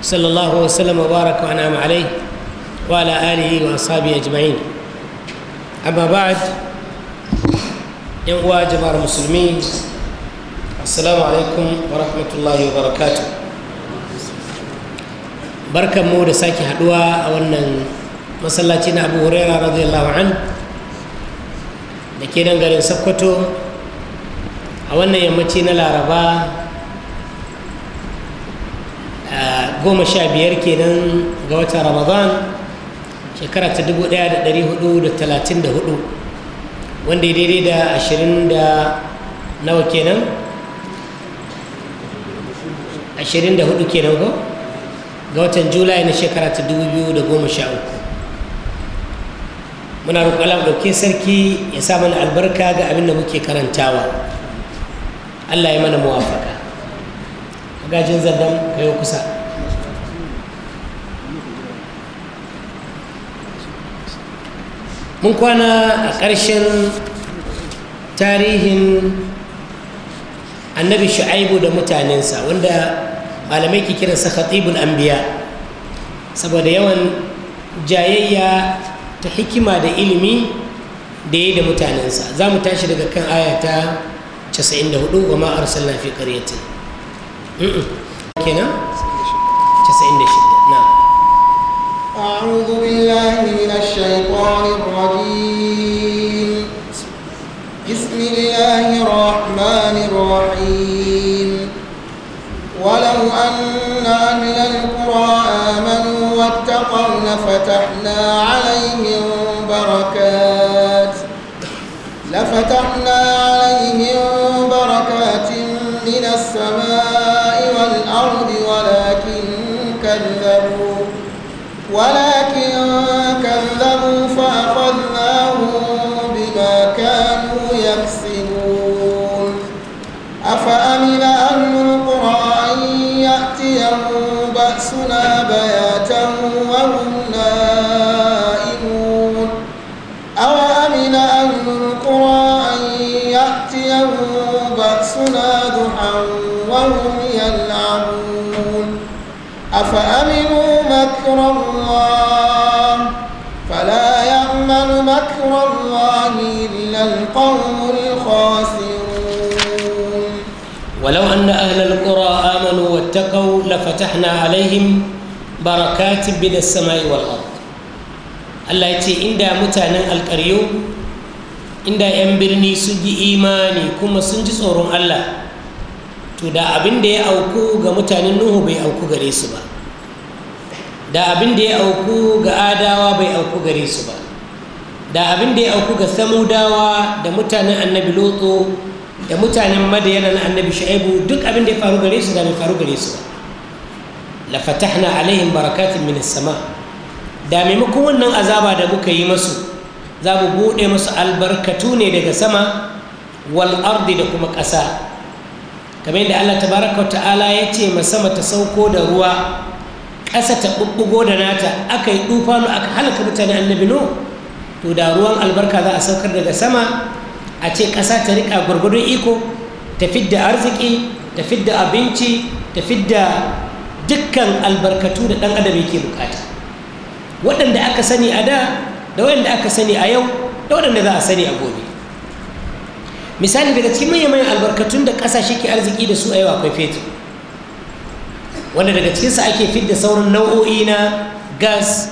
صلى الله وسلم وبارك وانعم عليه وعلى اله واصحابه اجمعين اما بعد يا جماعه المسلمين السلام عليكم ورحمه الله وبركاته barkan mu da sake haɗuwa a wannan masallaci na abu huraira radiyallahu an da ke nan garin sokoto a wannan yammaci na laraba goma sha biyar kenan ga watan ramadan shekara ta dubu ɗaya da dari hudu da talatin da hudu wanda ya daidai da ashirin da nawa kenan ashirin da hudu kenan ko ga watan julai na shekara ta dubu biyu da goma sha uku muna roƙon Allah ɗauke sarki ya sa mana albarka ga abin da muke karantawa Allah ya mana muwafaka gajin ka yi kusa mun kwana a ƙarshen tarihin annabi shu'aibu da mutanensa wanda malamai ke kiransa khatibul anbiya saboda yawan jayayya ta hikima da ilimi da ya da mutanensa za mu tashi daga kan ayata 94 wa ma'ar arsalna fi kenan 96 na أعوذ بالله من الشيطان الرجيم بسم الله الرحمن الرحيم ولو أن أهل القرى آمنوا واتقوا لفتحنا عليهم بركات لفتحنا عليهم بركات من السماء والأرض ولا ولكن كذبوا فأخذناهم بما كانوا يكسبون أفأمن أهل القرى أن يأتيهم بأسنا بياتا وهم نائمون أفأمنوا مكر الله فلا يأمن مكر الله إلا القوم الخاسرون ولو أن أهل القرى آمنوا واتقوا لفتحنا Allah ya ce inda mutanen alkaryo inda 'yan birni sun yi imani kuma sun ji tsoron Allah to da abin da ya auku ga mutanen Nuhu bai auku gare su ba da abin da ya auku ga adawa bai auku gare su ba da abin da ya auku ga samudawa da mutanen annabi lotso da mutanen madayana na annabi sha'ibu duk abin da ya faru gare su da bai faru gare su ba la fatahna alaihim barakatun min sama da maimakon wannan azaba da muka yi masu za mu buɗe musu albarkatu ne daga sama wal ardi da kuma ƙasa kamar yadda Allah tabaraka ta'ala ya ce ma sama ta sauko da ruwa ƙasa ta ɓuɓɓugo da nata aka yi ɗufa ɗufanu aka halaka mutane annabi no to da ruwan albarka za a saukar daga sama a ce ƙasa ta riƙa gwargwadon iko ta fidda arziki ta fidda abinci ta fidda dukkan albarkatu da ɗan adam yake bukata waɗanda aka sani a da da waɗanda aka sani a yau da waɗanda za a sani a gobe misali daga cikin manyan albarkatun da ƙasashe ke arziki da su a yau akwai fetur wanda daga cikinsa ake fidda sauran nau'o'i na gas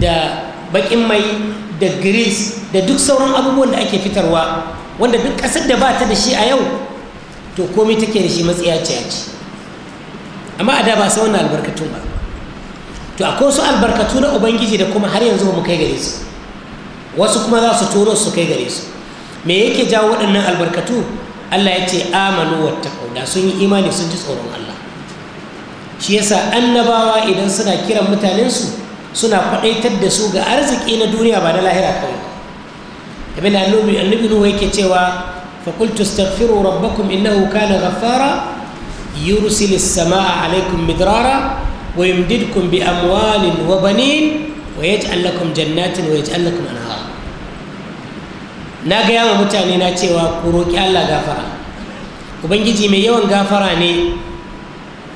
da baƙin mai da grease da duk sauran abubuwan da ake fitarwa wanda duk ƙasar da ba ta da shi a yau to komai take da shi matsiya ce amma a da ba sa wannan albarkatun ba to akwai wasu albarkatu na ubangiji da kuma har yanzu ba mu kai gare su wasu kuma za su turo su kai gare su me yake jawo waɗannan albarkatu Allah ya ce amanu wata da sun yi imani sun ji tsoron Allah shi yasa annabawa idan suna kiran mutanensu suna faɗaitar da su ga arziki na duniya ba na lahira kawai abin da annabi nuhu yake cewa fakultu staghfiru rabbakum innahu kana ghaffara yursil as-samaa alaykum midrara wa yumdidkum bi amwalin wa banin wa yaj'al lakum jannatin wa yaj'al lakum anhar na ga yawa mutane na cewa ku roki Allah gafara ubangiji mai yawan gafara ne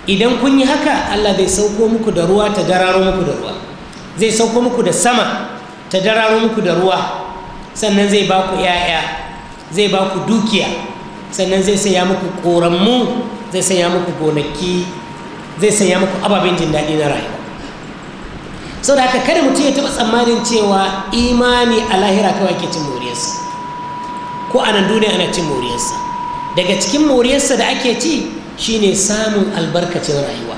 idan kun yi haka allah zai sauko muku da ruwa ta dararo muku da ruwa zai sauko muku da sama ta dararo muku da ruwa sannan zai ba ku 'ya'ya zai ba ku dukiya sannan zai saya muku koranmu zai saya muku gonaki zai saya muku ababen jin daɗi na rayuwa sau da haka kada mutum ya taɓa tsammanin cewa imani a lahira kawai ke cin moriyarsa ko a nan duniya ana cin moriyarsa daga cikin moriyarsa da ake ci shine samun albarkacin rayuwa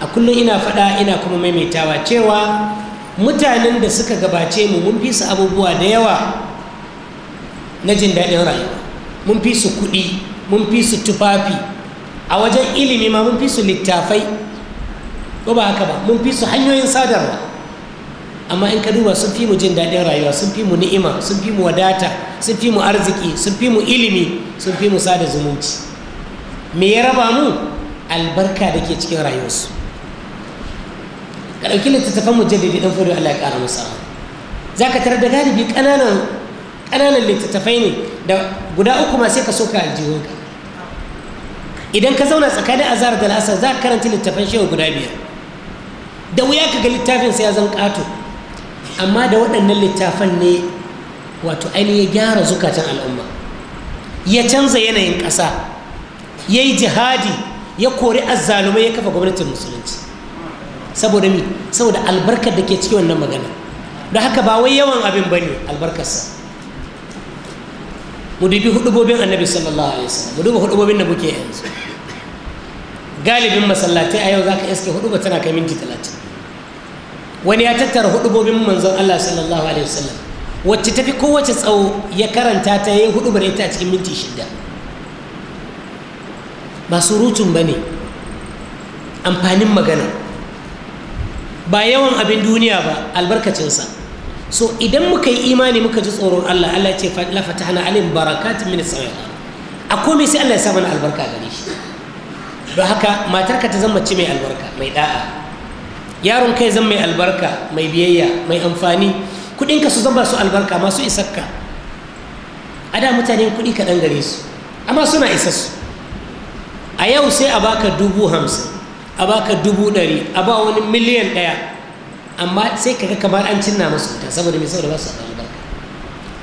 a kullum ina faɗa ina kuma maimaitawa cewa mutanen da suka gabace mu mun fi su abubuwa da yawa na jin daɗin rayuwa mun fi su kuɗi mun fi su tufafi a wajen ilimi ma mun fi su littafai ko ba haka ba mun fi su hanyoyin sadarwa amma in ka duba sun fi mu jin daɗin rayuwa sun fi mu ni'ima sun fi mu wadata sun fi mu arziki sun fi mu ilimi sun fi mu sada zumunci me ya raba mu albarka da ke cikin rayuwarsu ka ɗauki littattafan mujaddadi ɗan fudu Allah ya ƙara masa za ka tarar da galibi ƙananan littattafai ne da guda uku sai ka soka ka idan ka zauna tsakanin azhar da la'asar za ka karanta littattafan shehu guda biyar da wuya ka ga littafin sai ya zan ƙato amma da waɗannan littafan ne wato ainihin gyara zukatan al'umma ya canza yanayin ƙasa ya yi jihadi ya kori azzalumai ya kafa gwamnatin musulunci saboda mi saboda albarkar da ke cikin wannan magana don haka ba wai yawan abin ba ne albarkarsa mu dubi hudubobin annabi sallallahu alaihi wasallam mu dubi hudubobin da muke yanzu galibin masallatai a yau za ka iske huduba tana kai minti talatin wani ya tattara hudubobin manzon allah sallallahu alaihi wasallam wacce tafi kowace tsawo ya karanta ta yi hudubar ita a cikin minti shida ba surutun ba ne amfanin magana ba yawan abin duniya ba albarkacinsa so idan muka yi imani muka ji tsoron Allah Allah ce la fatahna alim barakatun min a komai sai Allah ya sa mana albarka gare shi don haka ka ta zama ce mai albarka mai da'a yaron kai zan mai albarka mai biyayya mai amfani ka su zama su albarka masu isakka a da mutane kudi kaɗan gare su amma suna su. a yau sai a baka dubu hamsin a baka dubu ɗari a ba wani miliyan ɗaya amma sai kaga kamar an cinna masu wuta saboda mai saboda masu albarka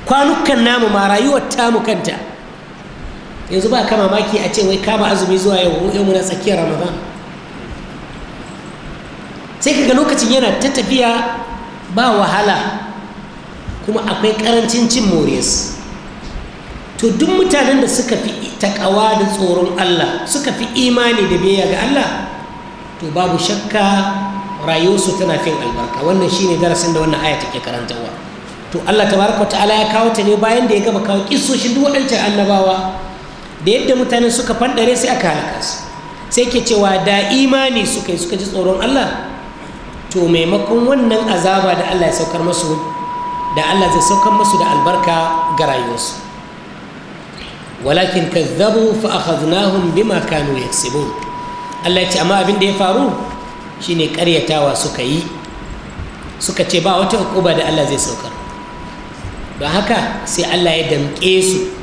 kwanukan namu ma rayuwar tamu kanta yanzu ba ka mamaki a ce wai kama azumi zuwa yau yau muna tsakiyar ramadan sai kaga lokacin yana ta tafiya ba wahala kuma akwai karancin cin Moris. to duk mutanen da suka fi takawa da tsoron Allah suka fi imani da biyayya ga Allah to babu shakka rayuwarsu tana fin albarka wannan shine darasin da wannan aya take karantarwa to Allah tabaraka ta'ala ya kawo ta ne bayan da ya gaba kawo kissoshin duk waɗancan annabawa da yadda mutane suka fandare sai aka halaka su sai ke cewa da imani suka yi suka ji tsoron Allah to maimakon wannan azaba da Allah ya saukar masu da Allah zai saukar masu da albarka ga rayuwarsu walakin kazzabu fa akhadnahum bima kanu yaksibun Allah ya ce amma abin da ya faru shine karyatawa suka yi suka ce ba wata hukuma da Allah zai saukar don haka sai Allah ya damke su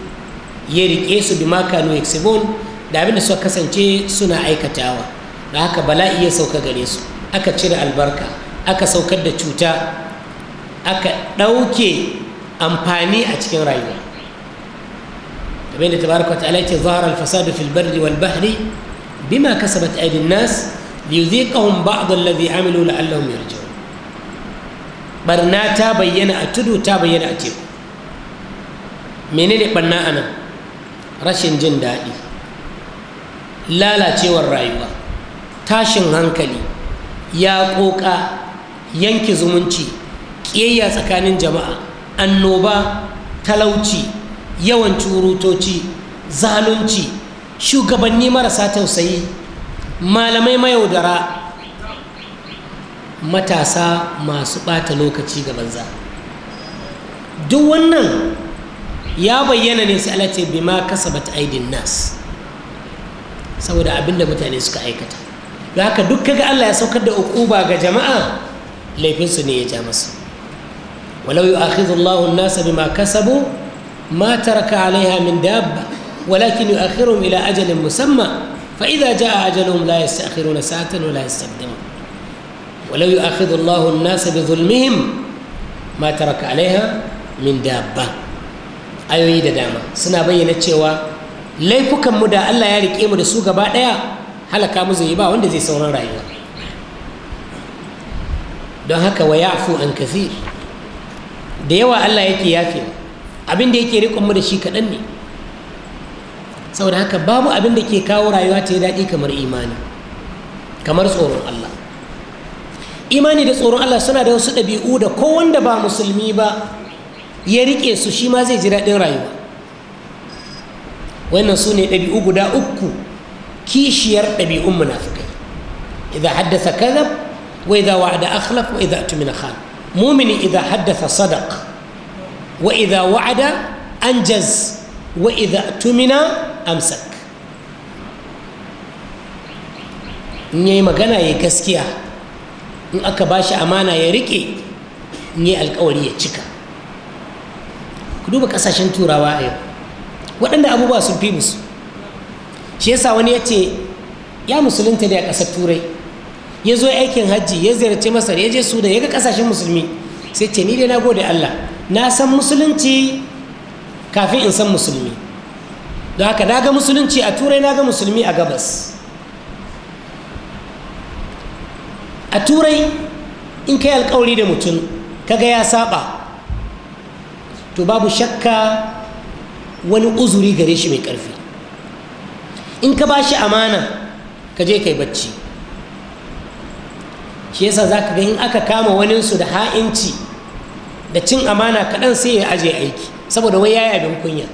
ya riƙe su bima kanu yaksibun da abin da suka kasance suna aikatawa don haka bala'i ya sauka gare su aka cire albarka aka saukar da cuta aka ɗauke amfani a cikin rayuwa kamar yadda tabaraka ta'ala yake zahara al-fasadu fil barri wal bahri bima kasabat aydin nas liyuziqahum ba'd alladhi amilu la'allahum yarji'un barna ta bayyana a tudu ta bayyana a teku menene barna anan rashin jin daɗi lalacewar rayuwa tashin hankali ya ƙoƙa yanke zumunci ƙiyayya tsakanin jama'a annoba talauci yawan curutoci zalunci shugabanni marasa tausayi malamai mayaudara matasa masu ɓata lokaci ga banza duk wannan ya bayyana ne su alace bai ma ta aidin nas saboda abinda mutane suka aikata da haka duk kaga Allah ya saukar da ukuba ga jama'a laifinsu ne ya ja masu walau yu'akhidhu Allahu an-nasa bima kasabu ما ترك عليها من دابة ولكن يؤخرهم إلى أجل مسمى فإذا جاء أجلهم لا يستأخرون ساعة ولا يستقدمون ولو يؤاخذ الله الناس بظلمهم ما ترك عليها من دابة ayoyi da dama suna bayyana cewa laifukanmu da Allah ya riƙe mu da su gaba ɗaya hala mu zai ba wanda zai sauran rayuwa don haka wa ya'fu an da yawa Allah yake abin da yake riƙon mu da shi kaɗan ne saboda haka babu abin da ke kawo rayuwa ta yi daɗi kamar imani kamar tsoron Allah imani da tsoron Allah suna da wasu ɗabi'u da kowanda ba musulmi ba ya riƙe su shi ma zai ji daɗin rayuwa wannan su ne ɗabi'u guda uku kishiyar ɗabi'un munafukai idan haddasa kazab wa idan wa'ada akhlaf wa idan tumina khan mumini idan haddasa sadaq wa idha wa'ada anjaz wa idha tumina amsak in yayi magana ya gaskiya in aka bashi amana ya rike in yayi alkawari ya cika ku duba kasashen turawa a yau waɗanda abubuwa sun fi musu shi yasa wani ya ce ya musulunta da a ƙasar turai ya zo aikin hajji ya ziyarci masar ya je su da ya ga kasashen musulmi sai ce ni dai na gode allah na san musulunci kafin in san musulmi don haka na ga musulunci a turai na ga musulmi a gabas a turai in kai alkawari da mutum kaga ya saba to babu shakka wani uzuri gare shi mai karfi in ka ba shi amana ka je kai bacci shi yasa za ka ga in aka kama waninsu da ha'inci da cin amana kaɗan sai ya aje aiki saboda wai yaya abin kunya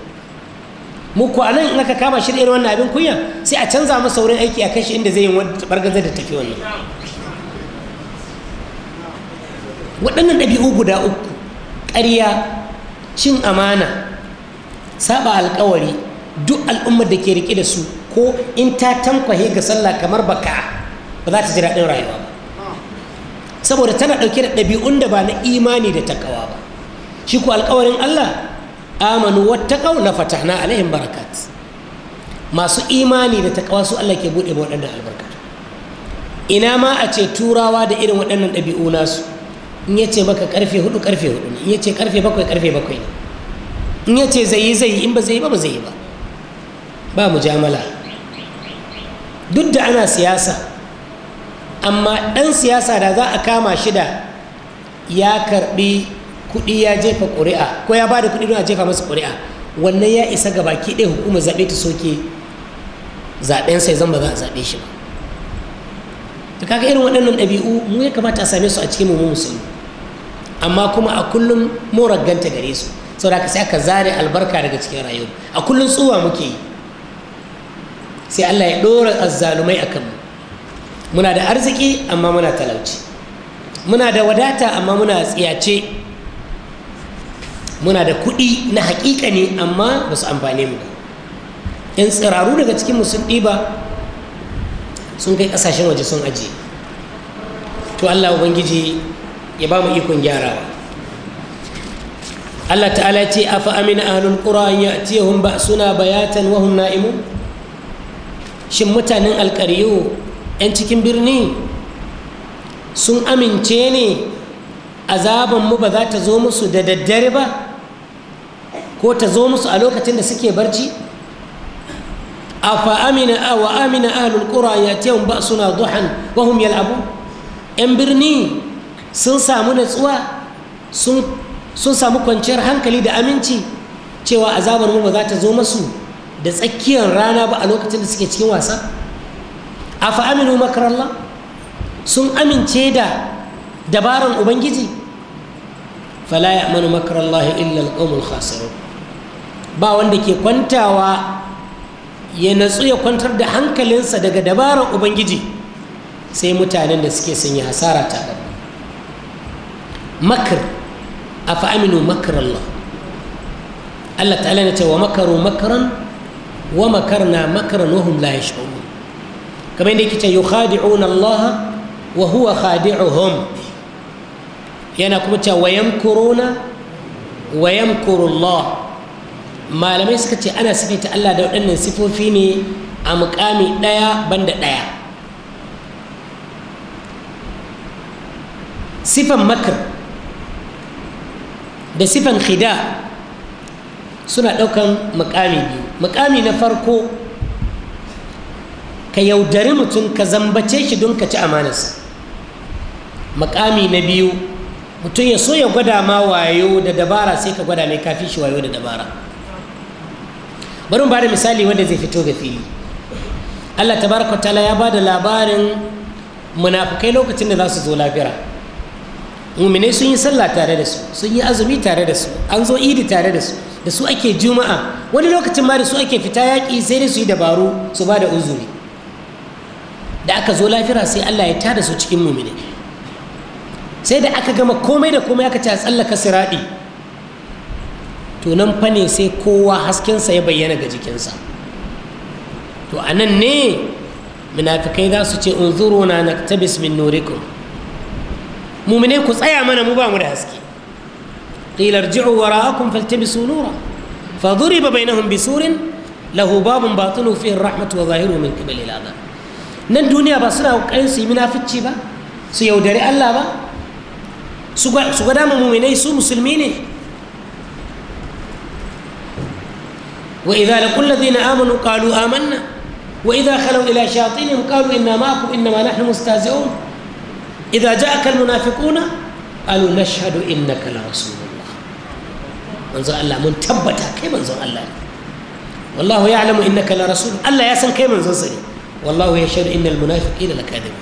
mu ko anan in aka kama shi irin wannan abin kunya sai a canza masa wurin aiki a kashi inda zai yi bargazar da tafi wannan waɗannan ɗabi'u guda uku ƙarya cin amana saba alƙawari duk al'ummar da ke riƙe da su ko in ta tankwahe ga sallah kamar baka ba za ta ji daɗin rayuwa ba saboda tana ɗauke da ɗabi'un da ba na imani da takawa ba shi ku alkawarin Allah amanu taqaw la fatahna alaihim barakat masu imani da takawa su Allah ke buɗe waɗannan albarkatu ina ma a ce turawa da irin waɗannan ɗabi'u nasu in ya ce maka karfe hudu karfe hudu in ya ce karfe bakwai karfe bakwai ne in ya ce zai yi zai yi in ba zai yi ba ba zai yi ba ba mujamala duk da ana siyasa amma ɗan siyasa da za a kama shi da ya karɓi kuɗi ya jefa ƙuri'a ko ya ba da kuɗi don a jefa masa ƙuri'a wannan ya isa ga baki ɗaya hukumar zaɓe ta soke zaɓensa ya zama ba za a zaɓe shi ba to kaga irin waɗannan ɗabi'u mu ya kamata a same su a cikin mu musulmi amma kuma a kullum morar ganta gare su saboda haka sai aka zare albarka daga cikin rayuwa a kullum tsuwa muke yi sai Allah ya ɗora azzalumai a kanmu muna da arziki amma muna talauci muna da wadata amma muna tsiyace muna da kuɗi na haƙiƙa ne amma ba su amfane mu yan tsiraru daga cikin sun ɗiba sun kai ƙasashen waje sun ajiye to allah ubangiji ya ba mu ikon gyarawa allah ta'ala ce a afa amina hannun qura ya ba suna bayatan wahun na'imu shin mutanen alƙariyo 'yan cikin birni sun amince ne azabanmu ba za ta zo musu da daddare ba ko ta zo musu a lokacin da suke barci afa amina wa amina ahlul qura ba suna duhan wa hum 'yan birni sun samu natsuwa sun samu kwanciyar hankali da aminci cewa azabar mu ba za ta zo musu da tsakiyar rana ba a lokacin da suke cikin wasa afa aminu makarallah sun amince da dabaran ubangiji fala ya amanu makarallahi illa alqawmul khasirun ba wanda ke kwantawa ya natsu ya kwantar da hankalinsa daga dabaran ubangiji sai mutanen da suke sun yi hasara tare makar afa aminu makarallah Allah ta'ala na ce wa makaru makaran wa makarna makaran wahum la yash'urun kamar yadda yake ce yukhadi'una Allah wa huwa khadi'uhum yana kuma cewa wayamkuruna wayamkuru Allah malamai suka ce ana sifaita Allah da waɗannan sifofi ne a mukami ɗaya banda ɗaya sifan makar da sifan khida suna ɗaukan mukami biyu mukami na farko ka yaudari mutum ka zambace shi don ka ci amanarsa makami na biyu mutum ya so ya gwada ma wayo da dabara sai ka gwada mai kafi shi wayo da dabara bari ba misali wanda zai fito ga fili allah ta tabaraka tala ya ba da labarin munafukai lokacin da za su zo lafira muminai sun yi sallah tare da su sun yi azumi tare da su an zo idi tare da su da su ake juma'a wani lokacin ma da su ake fita yaƙi sai dai su yi dabaru su ba da uzuri da aka zo lafira sai Allah ya tada su cikin mumine sai da aka gama komai da komai aka ce a tsallaka siraɗi to nan fa sai kowa haskensa ya bayyana ga jikinsa to a nan ne munafikai za su ce unzuru na naktabis min nurikum mumine ku tsaya mana mu ba mu da haske qila irji'u wara'akum faltabisu nura fa dhuriba bainahum bisurin lahu babun batinu fihi rahmatu wa zahiru min qibali al nan duniya ba suna ƙoƙarin su yi munafici ba su yaudari Allah ba su ga dama muminai su musulmi ne wa idza laqul ladina amanu qalu amanna wa idza khalu ila shayatinihim qalu inna ma'akum inma nahnu mustazi'un idza ja'aka almunafiquna qalu nashhadu innaka la rasulullah manzo Allah mun tabbata kai manzo Allah ne wallahu ya'lamu innaka la rasul Allah ya san kai manzon sa ne wallahu ya shaidu innal munafiqina lakadibun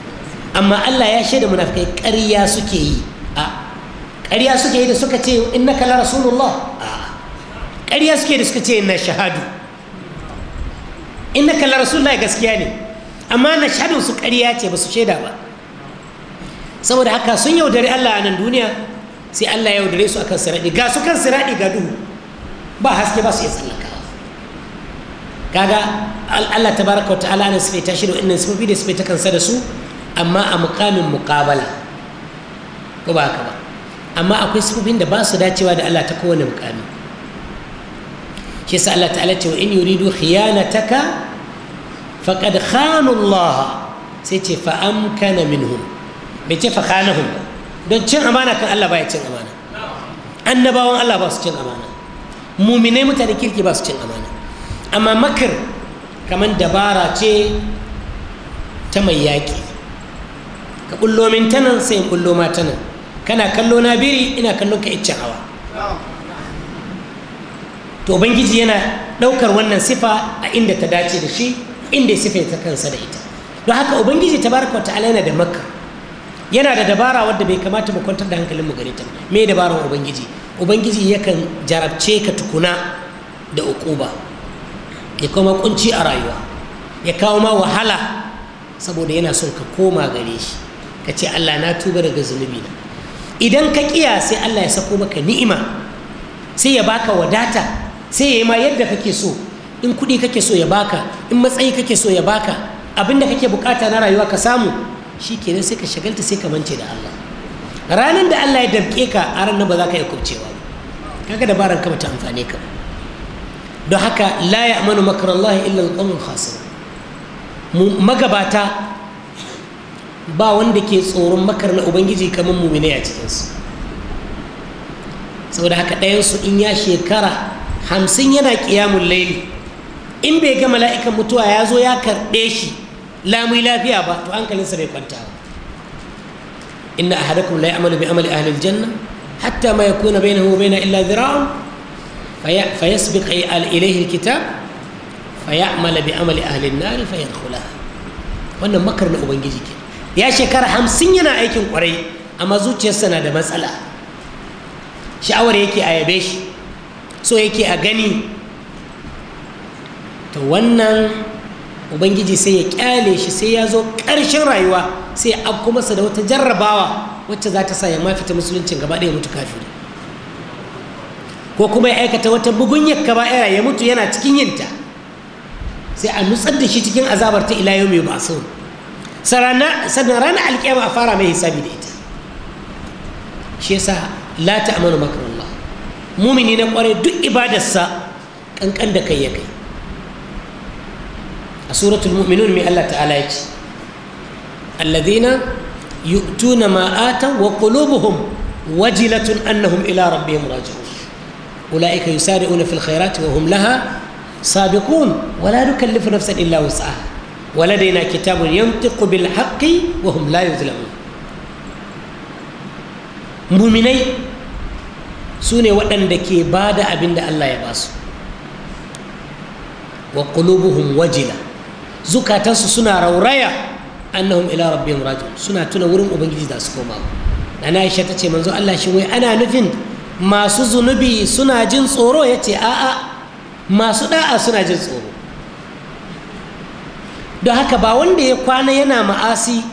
amma Allah ya shaida munafikai ƙarya suke yi a suke yi da suka ce innaka la rasulullah a ƙarya suke da suka ce inna shahadu innaka la rasulullah gaskiya ne amma na shahadun ce ba shaida ba saboda haka sun yaudare Allah a nan duniya sai Allah ya yaudare su akan siradi ga su kan siradi ga duhu ba haske ba su iya tsallaka kaga Allah tabaraka ta'ala ne sufe tashi da wannan sifofi da ta kansa da su amma a mukamin muqabala ko ba haka ba amma akwai sifofin da ba su dacewa da Allah ta kowane mukami shi yasa Allah ta'ala ce wa in yuridu khiyanataka faqad khanu Allah sai ce fa amkana minhum bai ce fa khanahum don cin amana kan Allah baya cin amana annabawan Allah ba su cin amana muminai mutane kirki ba su cin amana amma makar kamar dabara ce ta mai yaƙi ka ƙullo min ta sai in ƙullo ma kana kallo na biri ina kallon ka iccen hawa to ubangiji yana ɗaukar wannan sifa a inda ta dace da shi inda ya ta kansa da ita don haka ubangiji ta wa wata Alaina da Makka, yana da dabara wadda bai kamata mu kwantar da hankalin mu gare ta me dabarar ubangiji ubangiji yakan jarabce ka tukuna da uquba ya kuma kunci a rayuwa ya kawo ma wahala saboda yana son ka koma gare shi ka ce allah na tuba daga zunubi na idan ka kiya sai allah ya sako maka ni'ima sai ya baka wadata sai ya yi ma yadda kake so in kuɗi kake so ya baka in matsayi kake so ya baka abin da kake bukata na rayuwa ka samu shi kenan sai ka shagalta sai ka mance da allah ranar da allah ya damke ka a ranar ba za ka iya kubcewa kaga dabaran ka ta amfane ka ba don haka la ya amanu makarallahi illal alƙamun khasir magabata ba wanda ke tsoron makar na ubangiji kamar mumine a cikinsu saboda haka ɗayansu in ya shekara hamsin yana ƙiyamun laili in bai ga mala'ikan mutuwa ya zo ya karɗe shi lamun lafiya ba to hankalinsa bai kwanta ba inna ahadakum la ya'malu bi amali ahli janna, hatta ma yakuna bainahu wa baina illa dhira'un فيسبق إليه الكتاب فيعمل بعمل أهل النار فيدخلها wannan makar na ubangiji ke ya shekara hamsin yana aikin kwarai amma zuciyarsa na da matsala sha'awar yake a yabe shi so yake a gani Ta wannan ubangiji sai ya kyale shi sai ya zo ƙarshen rayuwa sai ya afko masa da wata jarrabawa wacce za ta sa ya mafita musuluncin gaba ɗaya mutu kafiri ko kuma ya aikata wata bugunyar kaba'ira ya mutu yana cikin yinta sai a nutsar da shi cikin azabar ta ila mai ba so sannan rana alƙiyama a fara mai hisabi da ita shi yasa la ta'manu makarullah mumini na kwarai duk ibadarsa kankan da kai ya kai a suratul mu'minun mai Allah ta'ala ya ce alladhina yu'tuna ma wa qulubuhum wajilatun annahum ila rabbihim raji'un أولئك يسارعون في الخيرات وهم لها سابقون ولا نكلف نفسا إلا وسعها ولدينا كتاب ينطق بالحق وهم لا يظلمون مؤمني سوني ودن دكي بعد أبن الله يباسو وقلوبهم وجلة زكاة سنة رورايا أنهم إلى ربهم راجعون سنة تنورهم وبنجد داسكوما أنا عائشة تتي منزو الله شوي أنا نفند masu zunubi suna jin tsoro ya ce a'a masu da'a suna jin tsoro don haka ba wanda ya kwana yana ma'asi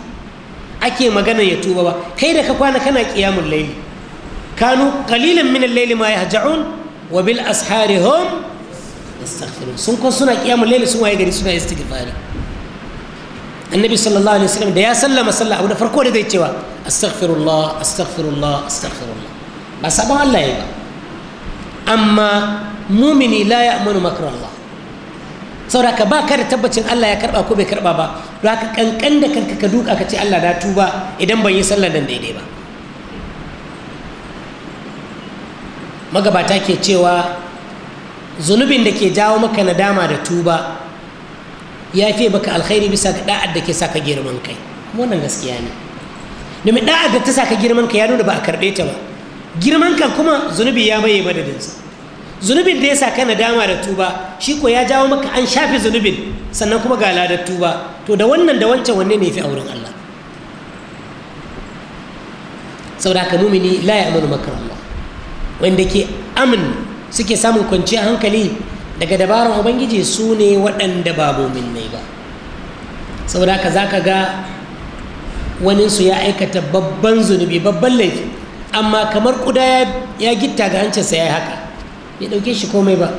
ake magana ya tuba ba kai da ka kwana kana kiyamun laili kanu qalilan min al-layli ma yahja'un wa bil ashari hum sun ko suna kiyamun laili sun waye gari suna istighfari annabi sallallahu alaihi wasallam da ya sallama sallah abu da farko da zai cewa astaghfirullah astaghfirullah astaghfirullah ba sabon Allah ya ba amma mumini la ya amanu makar Allah saboda ka ba ka da tabbacin Allah ya karba ko bai karba ba don haka kankan da kanka ka duka ka ce Allah na tuba idan ban yi sallar nan daidai ba magabata ke cewa zunubin da ke jawo maka nadama da tuba ya fi baka alkhairi bisa ga da'ad da ke saka girman kai wannan gaskiya ne domin da'ad da ta saka girman kai ya nuna ba a karbe ta ba girman kan kuma zunubi ya maye madadinsa zunubin da ya sa kana dama da tuba shi ko ya jawo maka an shafe zunubin sannan kuma ga ladar tuba to da wannan da wancan wanne ne fi auren Allah saboda ka mumini la ya amanu makar Allah wanda ke amin suke samun kwanciyar hankali daga dabarar ubangiji su ne waɗanda ba ne ba saboda ka za ka ga waninsu ya aikata babban zunubi babban laifi amma kamar kuda ya gitta ga hancinsa ya yi haka ya dauke shi komai ba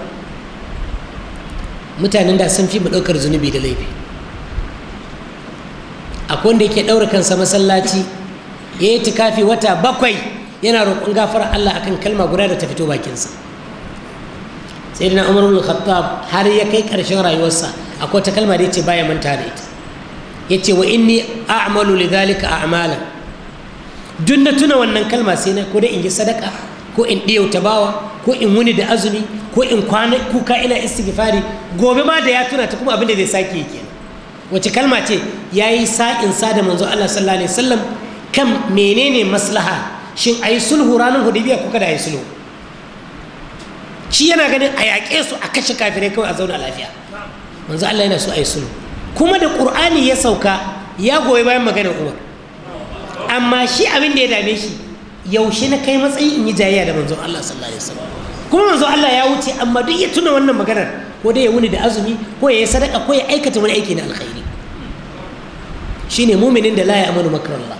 mutanen da sun fi mu daukar zunubi da laifi akwai wanda yake ɗaura kansa masallaci ya yi tukafi wata bakwai yana roƙon gafara Allah akan kalma guda da ta fito bakinsa sai na umar khattab har ya kai karshen rayuwarsa akwai ta kalma da ya ce baya manta da ita ya ce wa inni a'malu lidhalika a'malan duk na tuna wannan kalma sai na ko dai in yi sadaka ko in ta bawa ko in wuni da azumi ko in kwana kuka ina istighfari gobe ma da ya tuna ta kuma abin da zai sake yake wace kalma ce ya yi sa'in sa da manzo Allah sallallahu alaihi wasallam kan menene maslaha shin yi sulhu ranar hudaybiya kuka da ayi sulhu shi yana ganin a yaƙe su a kashe kafirai kawai a zauna lafiya manzo Allah yana so ayi sulhu kuma da qur'ani ya sauka ya goyi bayan maganar uwar. amma shi abin da ya dame shi yaushe na kai matsayi in yi jayayya da manzon Allah sallallahu alaihi wasallam kuma manzon Allah ya wuce amma duk ya tuna wannan maganar ko dai ya wuni da azumi ko ya yi sadaka ko ya aikata wani aiki na alkhairi shine muminin da la ya amanu makrallah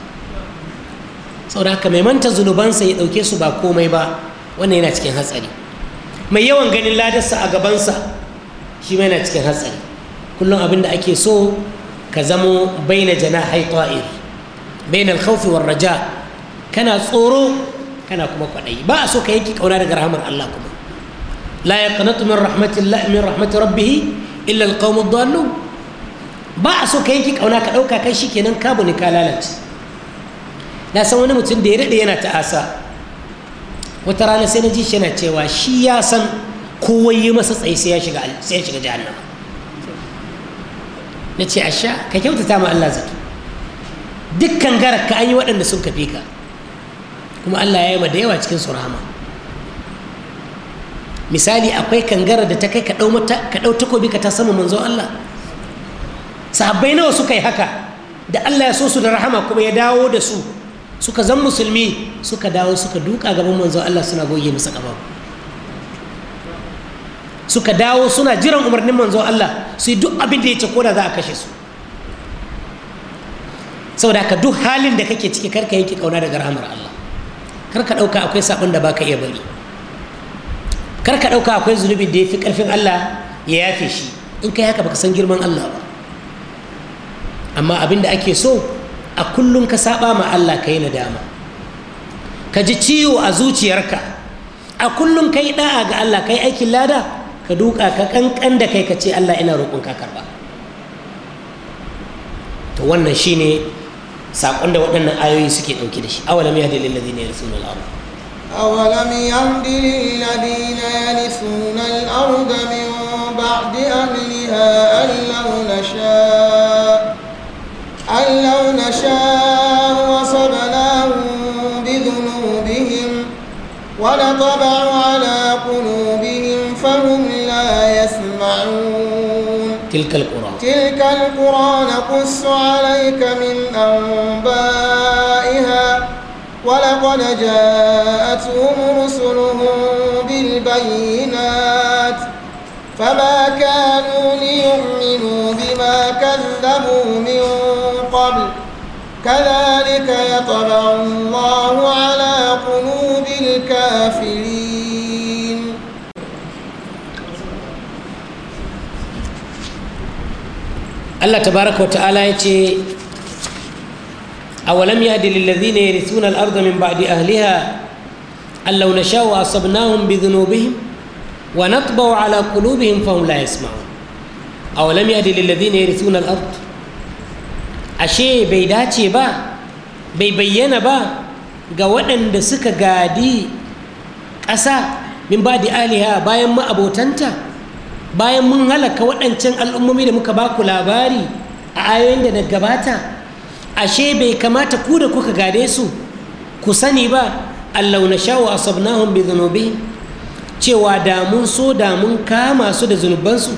saboda haka mai manta sa ya dauke su ba komai ba wannan yana cikin hatsari mai yawan ganin ladarsa a gabansa shi ma yana cikin hatsari kullum abin da ake so ka zamo baina jana haita'ir bainal khawfi war raja kana tsoro kana kuma kwaɗayi ba a so ka yanki ƙauna daga rahamar Allah kuma la yaqnatu min rahmatillah min rahmati rabbih illa alqawmud dallun ba a so ka yanki kauna ka ɗauka kai shikenan ka bune ka lalace na san wani mutum da ya daɗe yana ta'asa wata rana sai na ji shi yana cewa shi ya san kowai yi masa tsaye sai ya shiga sai ya shiga jahannama na ce asha ka kyautata ma Allah zato dukkan garar ka an yi waɗanda sun kafi ka kuma allah ya yi da yawa cikin surama misali akwai kangara da ta kai ka ɗau takobi ka ta sama manzo allah sahabbai nawa suka yi haka da allah ya so su da rahama kuma ya dawo da su suka zan musulmi suka dawo suka duka gaban manzo allah suna goge masa ƙafa suka dawo suna jiran umarnin manzo allah su yi duk abin da ya ce ko da za a kashe su saboda ka duk halin da kake ciki karka yake kauna daga rahamar Allah karka ɗauka akwai sabon da baka iya bari karka ɗauka akwai zunubi da ya fi ƙarfin Allah ya yafe shi in kai haka baka san girman Allah ba amma abin da ake so a kullum ka saba ma Allah ka yi nadama ka ji ciwo a zuciyarka a kullum ka yi da'a ga Allah ka yi aikin lada ka duka ka kankan da kai ka ce Allah ina roƙon ka karba to wannan shine saƙon da waɗannan ayoyi suke ɗauke da shi awalam yahdi lil ladina yasuna al ardh awalam ba'di ahliha nasha nasha wa bi dhunubihim wa ala qulubihim la yasma'un تلك القرى نقص عليك من أنبائها ولقد جاءتهم رسلهم بالبينات فما كانوا ليؤمنوا بما كذبوا من قبل كذلك يطبع الله على قلوب الكافرين الله تبارك وتعالى يتي أولم يهد للذين يرثون الأرض من بعد أهلها أن لو نشاء وأصبناهم بذنوبهم ونطبع على قلوبهم فهم لا يسمعون أولم يهد للذين يرثون الأرض أشي بيداتي با بيبين با قوانا دسك قادي أسا من بعد أهلها باين أبو تنته bayan mun halaka waɗancan al'ummomi da muka ba ku labari a ayoyin da na gabata ashe bai kamata ku da kuka gade su ku sani ba allau na a sabnahun bi dhunubihim cewa damun so damun kama su da zunubansu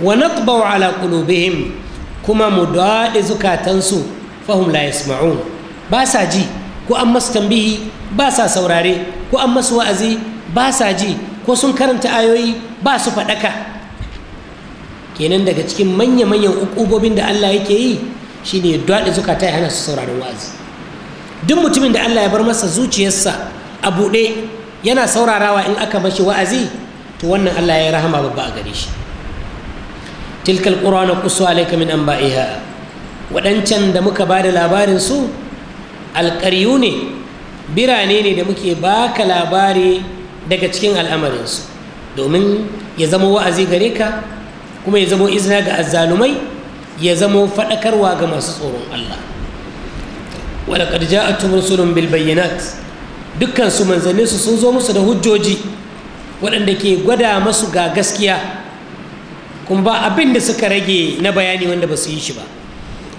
wa natba'u ala alaƙulobihim kuma mu daɗe zukatansu fahim la yasma'un ba sa ji ko an masu tambihi ba sa saurare ko an masu wa'azi ba sa ji ko sun karanta ayoyi ba su faɗaka kenan daga cikin manya-manyan ukubobin da Allah yake yi shine ya dwaɗe zukata ya hana su sauraron wa'azi duk mutumin da Allah ya bar masa zuciyarsa a buɗe yana saurarawa in aka mashi wa'azi to wannan Allah ya rahama babba a gare shi tilkal qur'ana qussu alayka min anba'iha waɗancan da muka ba da labarin su alƙaryu ne birane ne da muke baka labari daga cikin al'amarinsu domin ya zama wa'azi gare ka kuma ya zamo izina ga azzalumai ya zamo faɗakarwa ga masu tsoron Allah walaƙar ja'atun rusulun bil bayyanat dukkan su manzanni su sun zo musu da hujjoji waɗanda ke gwada masu ga gaskiya kuma ba abin da suka rage na bayani wanda ba su yi shi ba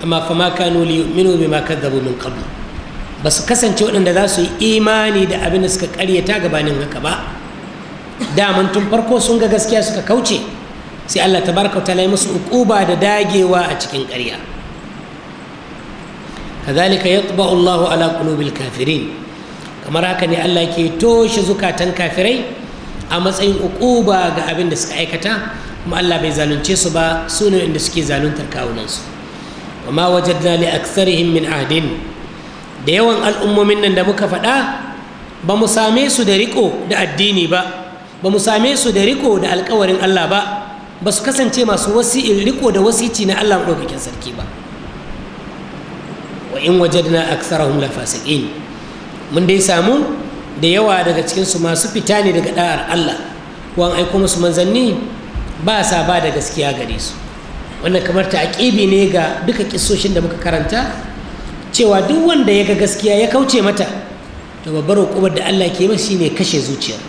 amma fa ma kanu li yu'minu bima kadzabu min qabl ba su kasance waɗanda za su yi imani da abin da suka ƙaryata gabanin haka ba daman tun farko sun ga gaskiya suka kauce sai Allah tabaraka wa ta'ala musu uquba da dagewa a cikin ƙarya kazalika yatba'u Allahu ala qulubil kafirin kamar haka ne Allah ke toshe zukatan kafirai a matsayin uquba ga abin da suka aikata kuma Allah bai zalunce su ba su inda suke zaluntar kawunansu وما وجدنا لأكثرهم من عهد da yawan al'ummomin nan da muka faɗa ba mu same su da riko da addini ba ba mu same su da riko da alkawarin Allah ba ba su kasance masu wasi'in riko da wasici na Allah maɗaukakin sarki ba wa in waje na aksara la fasiqin mun dai samu da yawa daga cikinsu masu fita ne daga ɗa'ar Allah an aiko musu manzanni ba sa ba da gaskiya gare su wannan kamar ta aƙibi ne ga duka ƙisoshin da muka karanta cewa duk wanda ya ga gaskiya ya kauce mata to babbar hukumar da Allah ke shi shine kashe zuciyar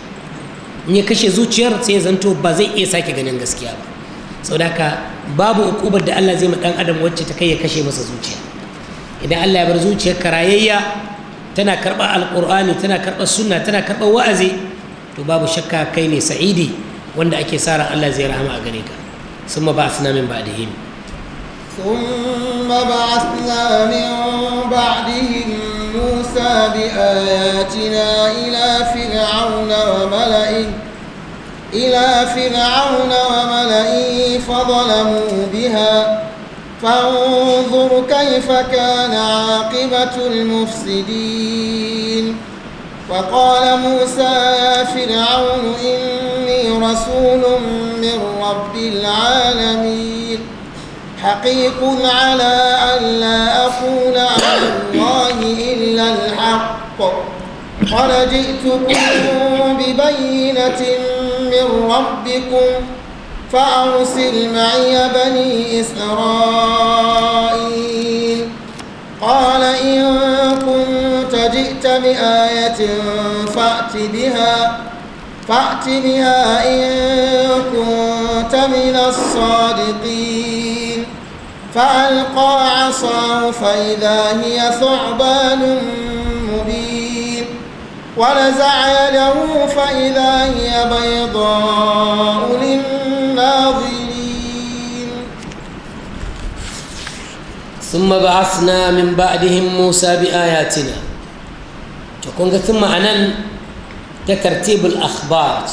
in ya kashe zuciyar sai ya zanto ba zai iya sake ganin gaskiya ba sau da ka babu ukubar da Allah zai ma dan adam wacce ta kai ya kashe masa zuciya idan Allah ya bar zuciyar karayayya tana karɓar alƙur'ani tana karɓar sunna tana karɓar wa'azi to babu shakka kai ne sa'idi wanda ake sa ran Allah zai rahama a gare ka ثم ba da بعدهم ثم بعثنا من بعدهم موسى بآياتنا إلى فرعون وملئه إلى فرعون وملئه فظلموا بها فانظر كيف كان عاقبة المفسدين وقال موسى يا فرعون إني رسول من رب العالمين حقيق على أن لا أقول على الله إلا الحق قال جئتكم ببينة من ربكم فأرسل معي بني إسرائيل قال إن كنت جئت بآية فأت بها فأت بها إن كنت من الصادقين فألقى عصاه فإذا هي ثعبان مبين ونزع يده فإذا هي بيضاء للناظرين ثم بعثنا من بعدهم موسى بآياتنا تكون ثم عن ترتيب الأخبار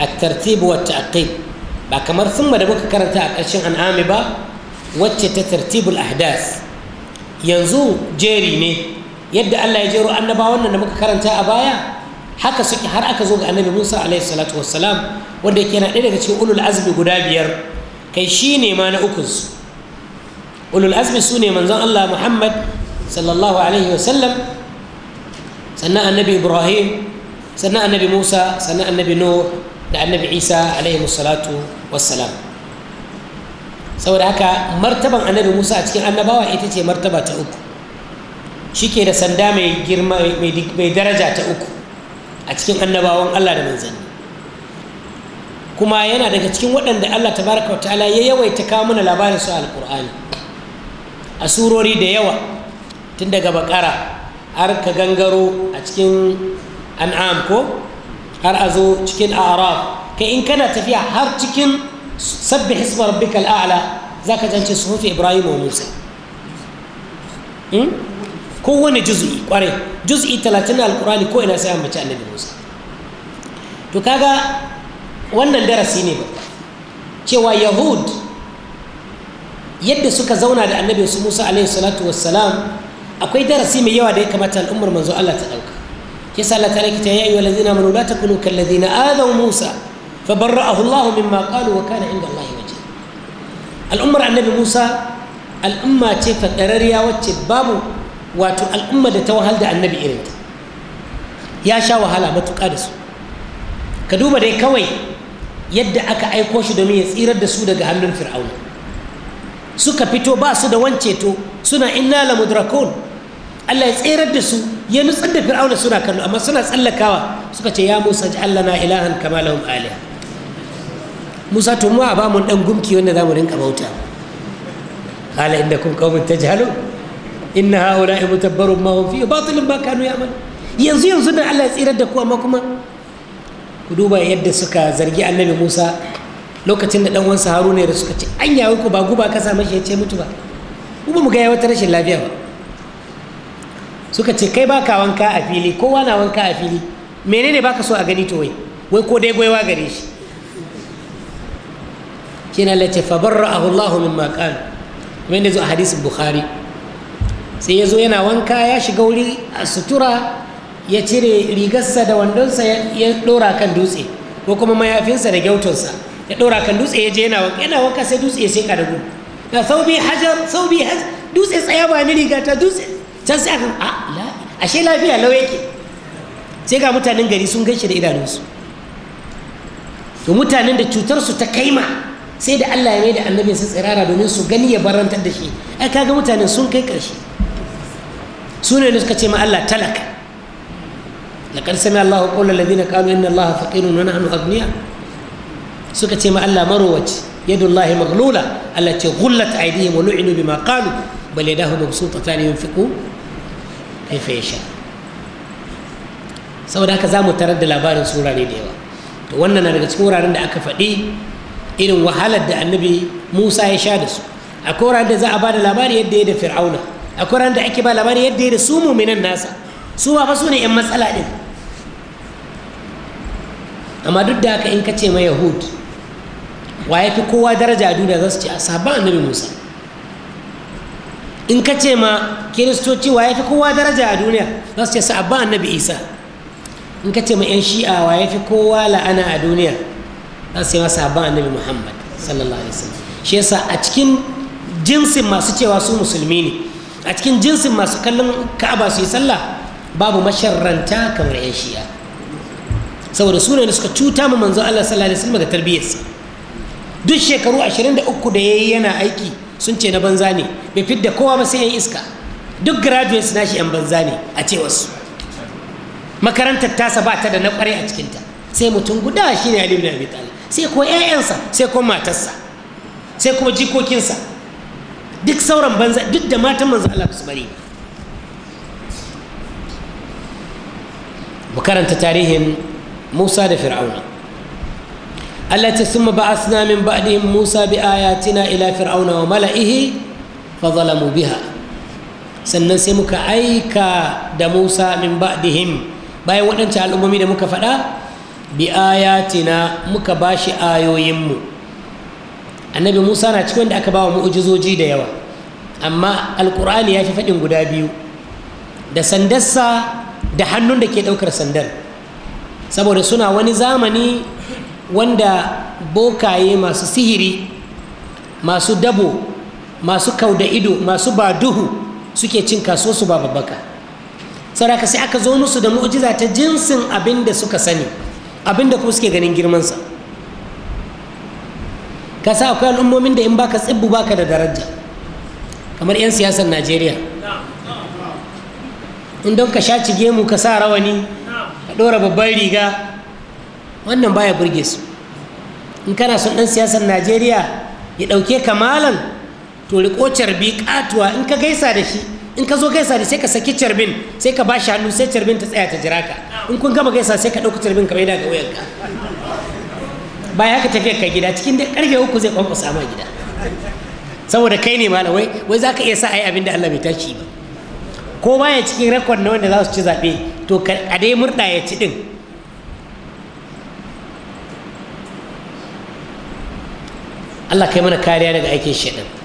الترتيب والتعقيب بعد كمر ثم دبوك muka karanta عن عامبا wacce ta tartibul ahdas yanzu jeri ne yadda Allah ya jero annabawan nan da muka karanta a baya haka suke har aka zo ga annabi Musa alaihi salatu wassalam wanda yake yana ɗaya daga cikin ulul azmi guda biyar kai shi ne ma na uku su ulul azmi su ne manzon Allah Muhammad sallallahu alaihi wasallam sannan annabi Ibrahim sannan annabi Musa sannan annabi Nuh da annabi Isa alaihi salatu wassalam saboda haka martaban annabi musa a cikin annabawa ita ce martaba ta uku shi ke da sanda mai girma mai daraja ta uku a cikin annabawan allah da manzanni kuma yana daga cikin waɗanda allah ta baraka wa ta'ala ya yawaita kawo mana labarin su alƙur'ani a surori da yawa tun daga bakara har ka gangaro a cikin an'am ko har a zo cikin araf kai in kana tafiya har cikin sabbih isma rabbika al'a'la zaka jance suhufi ibrahim wa musa kowane juz'i kware juz'i 30 na alqur'ani ko ina sai an bace annabi musa to kaga wannan darasi ne ba cewa yahud yadda suka zauna da annabi su musa alaihi salatu wassalam akwai darasi mai yawa da ya kamata al'ummar manzo Allah ta dauka yasa Allah ta rikita ya ayyuhal ladina amanu la takunu kal ladina adaw musa فبرأه الله مما قالوا وكان عند الله وجه الأمة عن النبي موسى الأمة تيفا قرريا وتبابو واتو الأمة دا توهل دا النبي إرنت يا شا وهلا ما تقادسو كدوبا دي كوي يد أكا أي كوش دمي يسير دا سودا غهلون فرعون سكا بيتو با سودا وانتيتو سنا إنا لمدركون الله يسير دا سودا ya nutsar da fir'auna suna kallo amma suna tsallakawa suka ce ya musa ji allana ilahan kama lahum aliha musa to mu a ba mun dan gumki wanda za mu rinka bauta qala innakum qaumun tajhalun inna haula mutabbarun ma hum fihi batilun ma kanu ya'mal yanzu yanzu da Allah ya tsirar da ku amma kuma ku duba yadda suka zargi annabi Musa lokacin da dan wansa Haruna ya suka ce an yawo ku ba guba ka sa mashi ya ce mutu ba kuma mu ga ya wata rashin lafiya ba suka ce kai baka wanka a fili kowa na wanka a fili menene baka so a gani to wai wai ko dai goyawa gare shi shine Allah ce fa barra'ahu Allahu mimma qalu kamar yadda zo a hadisin Bukhari sai ya zo yana wanka ya shiga wuri a sutura ya cire rigarsa da wandonsa ya ɗora kan dutse ko kuma mayafinsa da gyautonsa ya ɗora kan dutse ya je yana wanka yana wanka sai dutse ya sheka da gudu na saubi hajar saubi hajar dutse tsaya ba ni riga ta dutse can sai aka ah, a ashe lafiya lau yake sai ga mutanen gari sun gaishe da idanunsu to mutanen da cutarsu ta kaima sai da Allah ya mai da annabin su tsirara domin su gani ya barantar da shi ai kaga mutane sun kai ƙarshe su ne suka ce ma Allah talaka laqad sami Allahu qawla alladhina qalu inna Allaha faqirun wa nahnu aghniya suka ce ma Allah marowaci yadullahi maghlula Allah ce ghullat aydihim wa lu'inu bima qalu bal yadahu mabsutatan yunfiqu kaifa yasha saboda haka zamu tarar da labarin sura ne da yawa to wannan na daga cikin wuraren da aka faɗi irin wahalar da annabi musa ya sha da su a koran da za a ba da labari yadda ya da fir'auna a koran da ake ba labari yadda ya da su muminan nasa su ba fa su ne 'yan matsala ɗin amma duk da haka in ka ce ma yahud wa ya fi kowa daraja a duniya za su ce a sabon annabi musa in ka ce ma kiristoci wa ya fi kowa daraja a duniya za su ce sabon annabi isa in ka ce ma 'yan shi'a wa ya fi kowa la'ana a duniya za su yi wa annabi muhammad sallallahu alaihi wasallam shi yasa a cikin jinsin masu cewa su musulmi ne a cikin jinsin masu kallon ka'aba su yi sallah babu masharranta kamar yan shiya saboda su ne da suka cuta mu manzo Allah sallallahu alaihi wasallam ga sa duk shekaru 23 da yayi yana aiki sun ce na banza ne bai fidda kowa ba sai yan iska duk graduates nashi yan banza ne a cewar su makarantar tasa ba ta da na kware a cikinta sai mutum guda shine Ali ibn Abi Talib sai ko 'ya'yansa sai ko matarsa sai kuma jikokinsa duk sauran banza duk da matan manzo Allah su bari mu karanta tarihin Musa da Fir'auna Allah ta summa ba'athna min ba'dihim Musa bi ayatina ila Fir'auna wa mala'ihi fa zalamu biha sannan sai muka aika da Musa min ba'dihim bayan waɗancan al'ummomi da muka faɗa bi ayatina muka bashi ayoyinmu annabi musa na cikin da aka ba wa mu'ujizoji da yawa amma alkur'ani ya fi faɗin guda biyu da sandarsa da hannun da ke ɗaukar sandar saboda suna wani zamani wanda bokaye masu sihiri masu dabo masu kauda ido masu ba duhu suke cin kaso su ba babbaka sai aka zo musu da mu'ujiza ta jinsin abin da suka sani abinda ku suke ganin girmansa ka sa akwai al'ummomin da in baka tsibbu baka da daraja kamar 'yan siyasar najeriya in don ka sha cige mu ka sa rawani ka ɗora babban riga wannan baya burge su in kana son ɗan siyasar najeriya ya ɗauke kamalan to riƙo carbi ƙatuwa in ka gaisa da shi in ka zo gaisa da sai ka saki carbin sai ka ba shi hannu sai carbin ta tsaya ta jira ka in kun gama gaisa sai ka ɗauki carbin ka maida ga wuyanka ba ya ka tafiya ka gida cikin da karfe uku zai kwankwasa ma gida saboda kai ne malam wai wai za ka iya sa a yi abin da Allah bai tashi ba ko baya cikin rakon na wanda za su ci zaɓe to a dai murɗa ya ci ɗin Allah kai mana kariya daga aikin shaɗan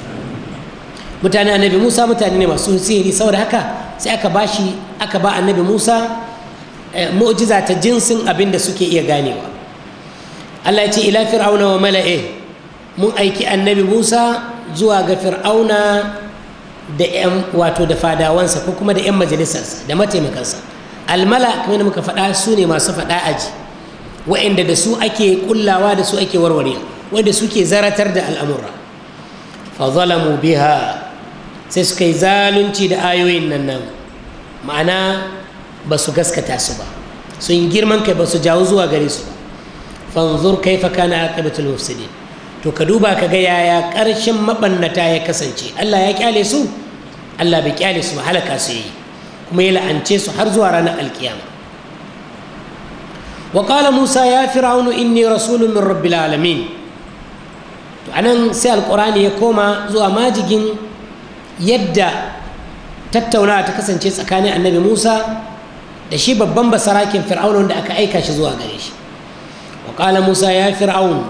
mutane annabi musa mutane ne masu tsiri saboda haka sai aka ba shi aka ba annabi musa eh, mu'jiza ta jinsin abin da suke iya ganewa allah ya ce ila fir'auna wa mala'e mun aiki annabi musa zuwa ga fir'auna da yan wato da fadawansa ko kuma da yan majalisarsa da mataimakansa almala kamar da muka faɗa su ne masu faɗa aji wa'inda da su ake kullawa da su ake warware wanda suke zaratar da al'amura fa zalamu biha sai suka yi zalunci da ayoyin nan nan ma'ana ba su gaskata su ba sun girman kai ba su jawo zuwa gare su ba fanzur kaifa kana aqibatul mufsidin to ka duba ka ga yaya ƙarshen mabannata ya kasance Allah ya kyale su Allah bai kyale su ba halaka su yi kuma ya la'ance su har zuwa ranar alkiyama wa qala musa ya fir'aunu inni rasulun min rabbil alamin to anan sai alqur'ani ya koma zuwa majigin yadda tattaunawa ta kasance tsakanin annabi musa da shi babban basarakin fir'aun da aka aika shi zuwa gare shi wa musa ya fir'aun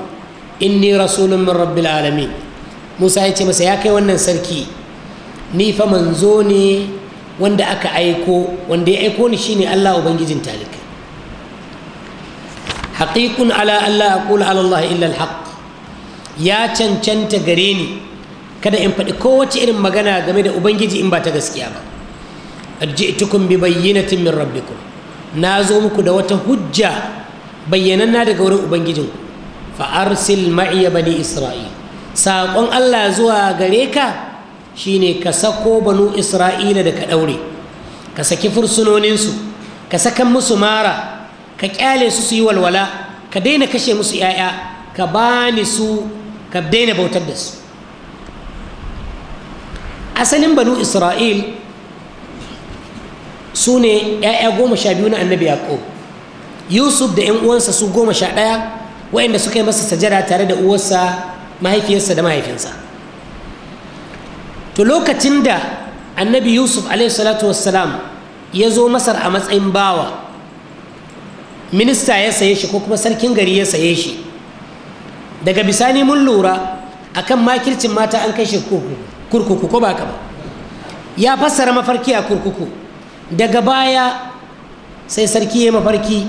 inni rasulun min rabbil alamin musa ya ce masa ya kai wannan sarki ni fa manzo ne wanda aka aiko wanda ya aiko ni shine Allah ubangijin talikai haƙiƙun ala alla aqula ala Allah illa alhaq ya cancanta gare ni kada in faɗi kowace irin magana game da ubangiji in ba ta gaskiya ba ji'tukum bi bayyinatin min rabbikum na zo muku da wata hujja bayyananna daga wurin ubangijin fa arsil ma'iya bani isra'il saƙon Allah zuwa gare ka shine ka sako banu isra'ila da ka ɗaure ka saki fursunoninsu ka saka musu mara ka ƙyale su su yi walwala ka daina kashe musu 'ya'ya ka bani su ka daina bautar da su asalin banu isra'il su ne 'ya'ya goma sha biyu na annabi yaƙo yusuf da 'yan uwansa su goma sha ɗaya waɗanda suka yi masa sajada tare da uwarsa mahaifiyarsa da mahaifinsa to lokacin da annabi yusuf salatu wassalam ya zo masar a matsayin bawa minista ya saye shi ko kuma sarkin gari ya saye shi daga bisani mun lura akan makircin mata an kai shi kurkuku kurkuku ko ba ka ba ya fassara mafarki a kurkuku daga baya sai sarki ya mafarki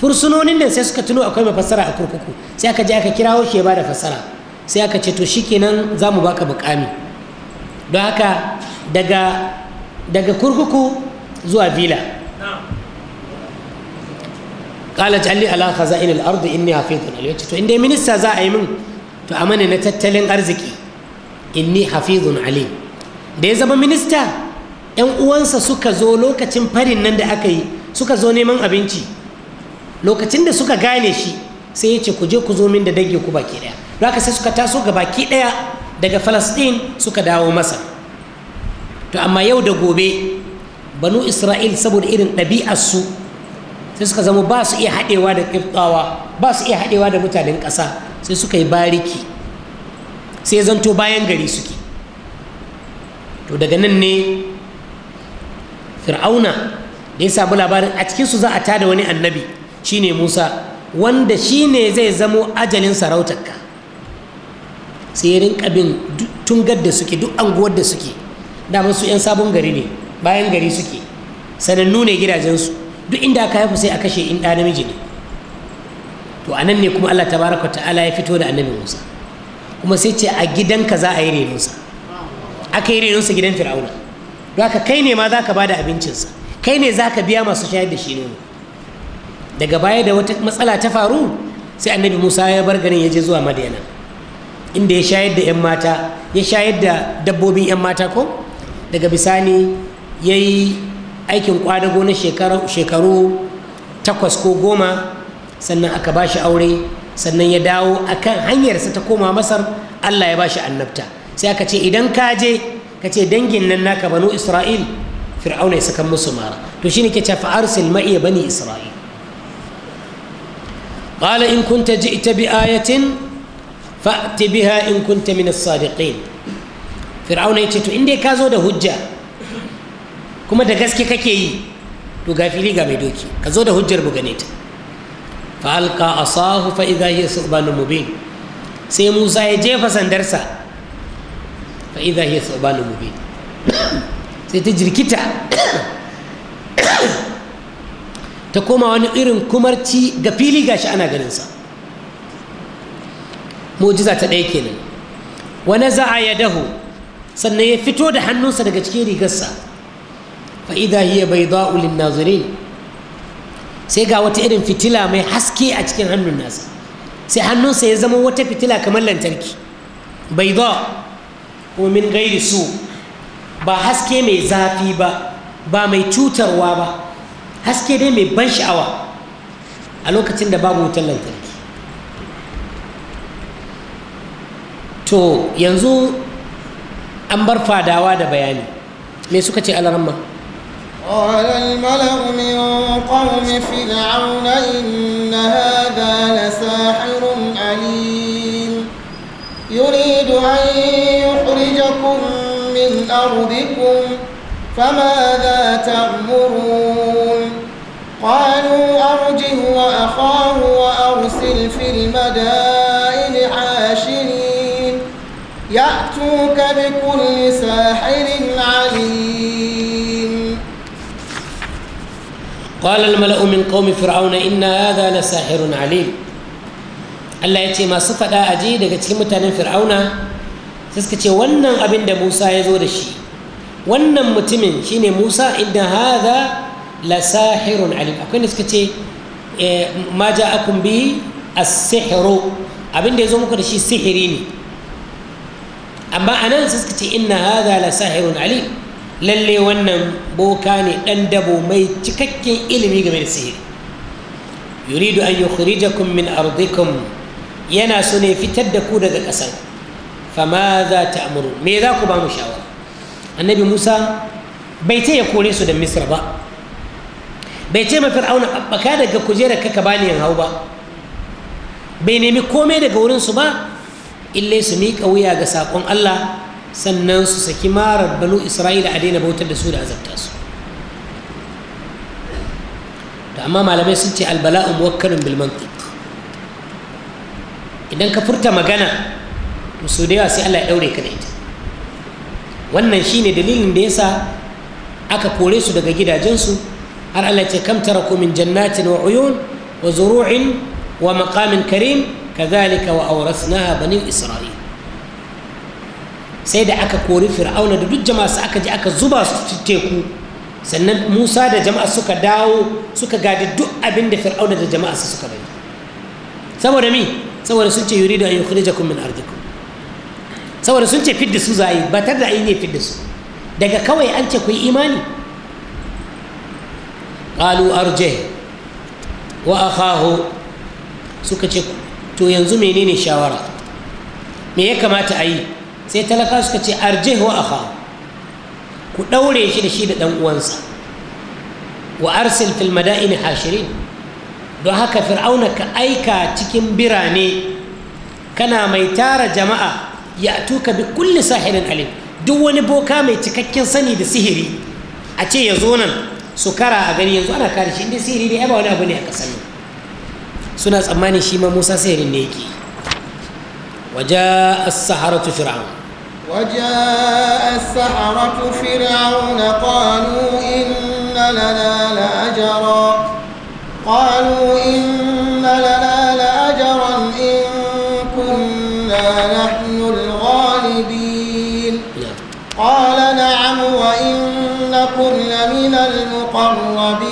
fursunonin da sai suka tuno akwai mafassara a kurkuku sai aka je aka kirawo shi ya ba da fassara sai aka ce to shikenan za mu baka bukami don haka daga daga kurkuku zuwa vila قال اجعل على خزائن الارض اني حفيظ عليم to inda minista za a yi min to amana na tattalin arziki inni hafizun Ali da ya zama minista 'yan uwansa suka zo lokacin farin nan da aka yi suka zo neman abinci lokacin da suka gane shi sai ya ce ku je ku zo min da dage ku baki daya haka sai suka taso ga baki daya daga falastin suka dawo masa to amma yau da gobe banu isra'il saboda irin ɗabi'arsu sai suka zama ba su iya haɗewa da ƙiftawa ba su iya haɗewa da mutanen ƙasa sai suka yi bariki sai zanto bayan gari suke to daga nan ne fir'auna da ya samu labarin a cikinsu za a tada wani annabi shine musa wanda shi ne zai zamo ajalin sarautarka sai tsirin kabin tungar da suke duk anguwar da suke damar su 'yan sabon gari ne bayan gari suke sanannu ne gidajensu duk inda aka haifu sai a kashe in ɗa namiji ne to anan ne kuma allah tabaraka ta'ala ya fito da annabi musa kuma sai ce a gidanka za a yi renonsa aka yi renonsa gidan fir'auna don haka kai ne ma za ka ba da abincinsa kai ne za ka biya masu shayar da shi nono daga baya da wata matsala ta faru sai annabi musa ya bar ganin ya je zuwa madina inda ya shayar da 'yan mata ya shayar da dabbobin 'yan mata ko daga bisani ya yi aikin kwadago na shekaru takwas ko goma sannan aka ba shi aure sannan ya dawo a kan hanyarsa ta koma masar allah ya bashi annabta sai aka ce idan kaje je ka ce dangin nan naka banu isra'il fir'auna ya saka musu mara to shi ne ke ce fa'arsil ma'iya bani isra'il qala in kunta ji'ta bi ayatin fa'ti biha in kunta min as-sadiqin fir'auna yace to indai ka zo da hujja kuma da gaske kake yi to ga fili ga mai doki ka zo da hujjar mu gane fa asahu fa idha hiya su'banun mubin sai Musa ya jefa sandarsa fa idha hiya su'banun mubin sai ta jirkita ta koma wani irin kumarci ga fili gashi ana ganinsa mujiza ta ɗaya kenan wani za'a ya dahu sannan ya fito da hannunsa daga cikin rigarsa fa'ida hiya bai za'ulin nazirin sai ga wata irin fitila mai haske a cikin hannun nasa sai hannunsa ya zama wata fitila kamar lantarki bai zo min gairi su ba haske mai zafi ba ba mai cutarwa ba haske dai mai ban sha'awa a lokacin da babu wutar lantarki to yanzu an bar fadawa da bayani me suka ce alaramma قال الملأ من قوم فرعون إن هذا لساحر عليم يريد أن يخرجكم من أرضكم فماذا تأمرون قالوا أرجه وأخاه وأرسل في المدائن عاشرين يأتوك بكل ساحر عليم قال الملأ من قوم فرعون إن هذا لساحر عليم Allah ya ce masu faɗa aji daga cikin mutanen fir'auna sai wannan abin da Musa ya zo da shi wannan mutumin shine Musa inda hadha la sahirun alim akwai da suka ce ma ja'akum bi as-sihru abin da ya zo muku da shi sihiri ne amma anan sai suka lalle wannan boka ne ɗan dabo mai cikakken ilimi game da sihiri yuridu an yukhrijakum min ardikum yana so ne fitar da ku daga ƙasar fama za ta amuru me za ku ba mu shawara annabi musa bai ce ya kore su da misra ba bai ce ma fir'auna babbaka daga kujerar kaka bani hau ba bai nemi komai daga wurinsu ba illai su miƙa wuya ga saƙon allah sannan su saki marar banu isra'ila a daina bautar da su da azabta su da amma malamai sun ce albala'u muwakkalin bilman idan ka furta magana su da yawa sai Allah ya daure ka da ita wannan shine dalilin da yasa aka kore su daga gidajensu har Allah ce kam tara min jannatin wa uyun wa zuru'in wa maqamin karim kazalika wa awrasnaha bani isra'ila. sai da aka kori fir'auna da duk jama'a su aka je aka zuba su teku sannan musa da jama'a suka dawo suka gadi duk abin da fir'auna da jama'a su suka bari saboda mi saboda sun ce yuri yuridu an yukhrijakum min ardikum saboda sun ce fidda su zai ba tar da ai ne fidda su daga kawai an ce ku yi imani qalu arje wa akhahu suka ce to yanzu menene shawara me ya kamata a yi sai talaka suka ce arjih wa akha ku daure shi da shi da ɗan'uwansa uwansa wa arsil fil madaini hashirin don haka fir'auna ka aika cikin birane kana mai tara jama'a ya tuka bi kulli sahirin alim duk wani boka mai cikakken sani da sihiri a ce ya zo nan su kara a gani yanzu ana kare shi inda sihiri ne yaba wani abu ne a ƙasar nan suna tsammanin shi ma musa sihirin ne yake waje as-saharatu fir'aun وجاء السحرة فرعون قالوا إن لنا لأجرا قالوا إن لنا لأجرا إن كنا نحن الغالبين قال نعم وإنكم لمن المقربين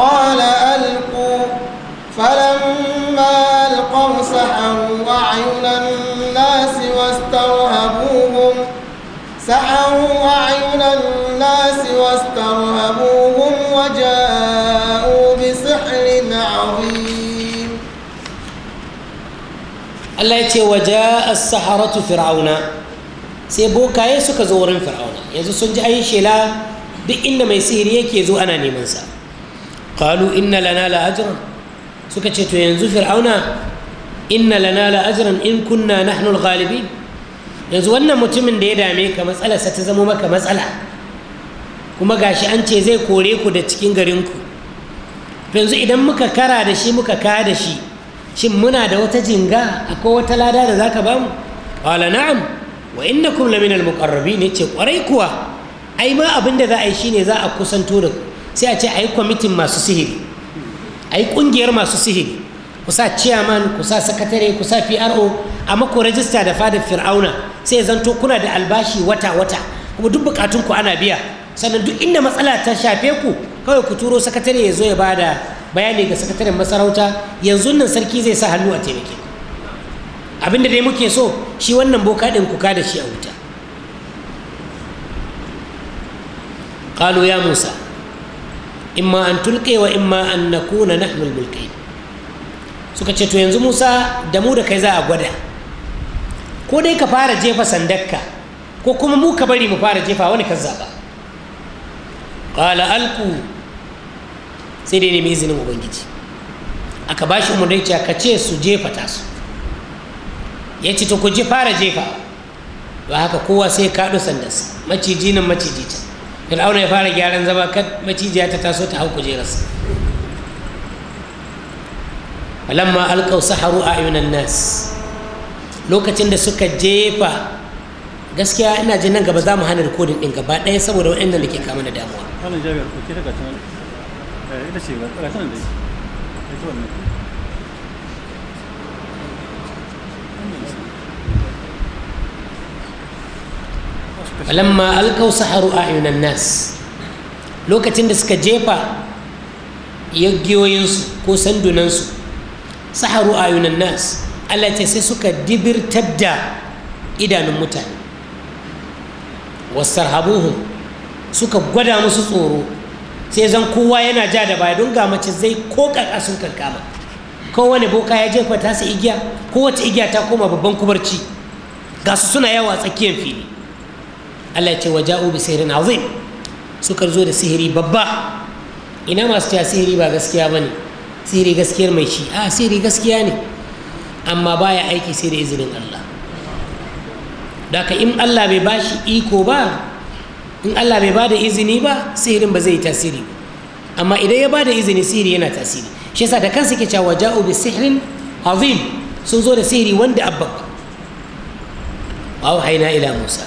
قال ألقوا فلما ألقوا سحروا أعين الناس واسترهبوهم سحروا أعين الناس واسترهبوهم وجاءوا بسحر عظيم الله يتي وجاء السحرة فرعون سيبوكا يسوك زورين فرعون يزو سنجي أي شلا duk inda mai sihiri yake zo ana neman sa qalu inna lana la suka ce to yanzu fir'auna inna lana la in kunna nahnu al-ghalibin yanzu wannan mutumin da ya dame ka matsalarsa ta zama maka matsala kuma gashi an ce zai kore ku da cikin garin ku. yanzu idan muka kara da shi muka kaya da shi shin muna da wata jinga akwai wata lada da zaka bamu qala na'am wa innakum laminal ne ce kwarai kuwa ai ma abinda za a yi shi ne za a kusanto da sai a ce a yi kwamitin masu sihiri a yi ƙungiyar masu sihiri ku sa ciyaman ku sa sakatare ku sa pro a ku rajista da fadar fir'auna sai zanto kuna da albashi wata-wata kuma duk bukatun ku ana biya sannan duk inda matsala ta shafe ku kawai ku turo sakatare ya zo ya bada bayani ga sakataren masarauta yanzu nan sarki zai sa hannu a taimake abinda dai muke so shi wannan boka ɗin ku da shi a wuta قالوا يا موسى imma an tulke wa imma an nakuna nahnu al-mulqin suka ce to yanzu Musa da mu da kai za a gwada ko dai ka fara jefa sandakka ko kuma mu ka bari mu fara jefa wani kazzaba qala alku sai dai mai izinin ubangiji aka bashi mu dai ka ce su jefa tasu ya ce to ku ji fara jefa ba haka kowa sai ka kaɗo sandarsa maciji nan maciji can fir'auna ya fara gyaran zama kan macijiya ta taso ta hau kujerarsa ma alqaw saharu ayunan nas lokacin da suka jefa gaskiya ina jin nan gaba za mu hana rikodin ɗin gaba ɗaya saboda waɗannan da ke kama da damuwa wannan jami'ar ko ke eh, ita ce da wannan falamma alkau saharu ayunan nas lokacin da suka jefa yaggiyoyinsu ko sandunansu saharu ayunan nas Allah ce sai suka dibirtar da idanun mutane habuhu suka gwada musu tsoro sai zan kowa yana ja da baya don ga mace zai ko kaka sun kankama kowane boka ya jefa ta su igiya kowace igiya ta koma babban kubarci ga su suna yawa tsakiyar fili Allah ce wa ja'u bi sihirin azim suka zo da sihiri babba ina masu ta sihiri ba gaskiya ba ne sihiri gaskiyar mai shi a ah, sihiri gaskiya ne amma baya aiki sai da izinin Allah daga in Allah bai bashi iko ba in Allah bai bada izini ba sihirin ba zai yi tasiri amma idan ya bada izini sihiri yana tasiri shi yasa da kansa ke cewa ja'u bi sihirin azim sun zo da sihiri wanda abba wa haina ila musa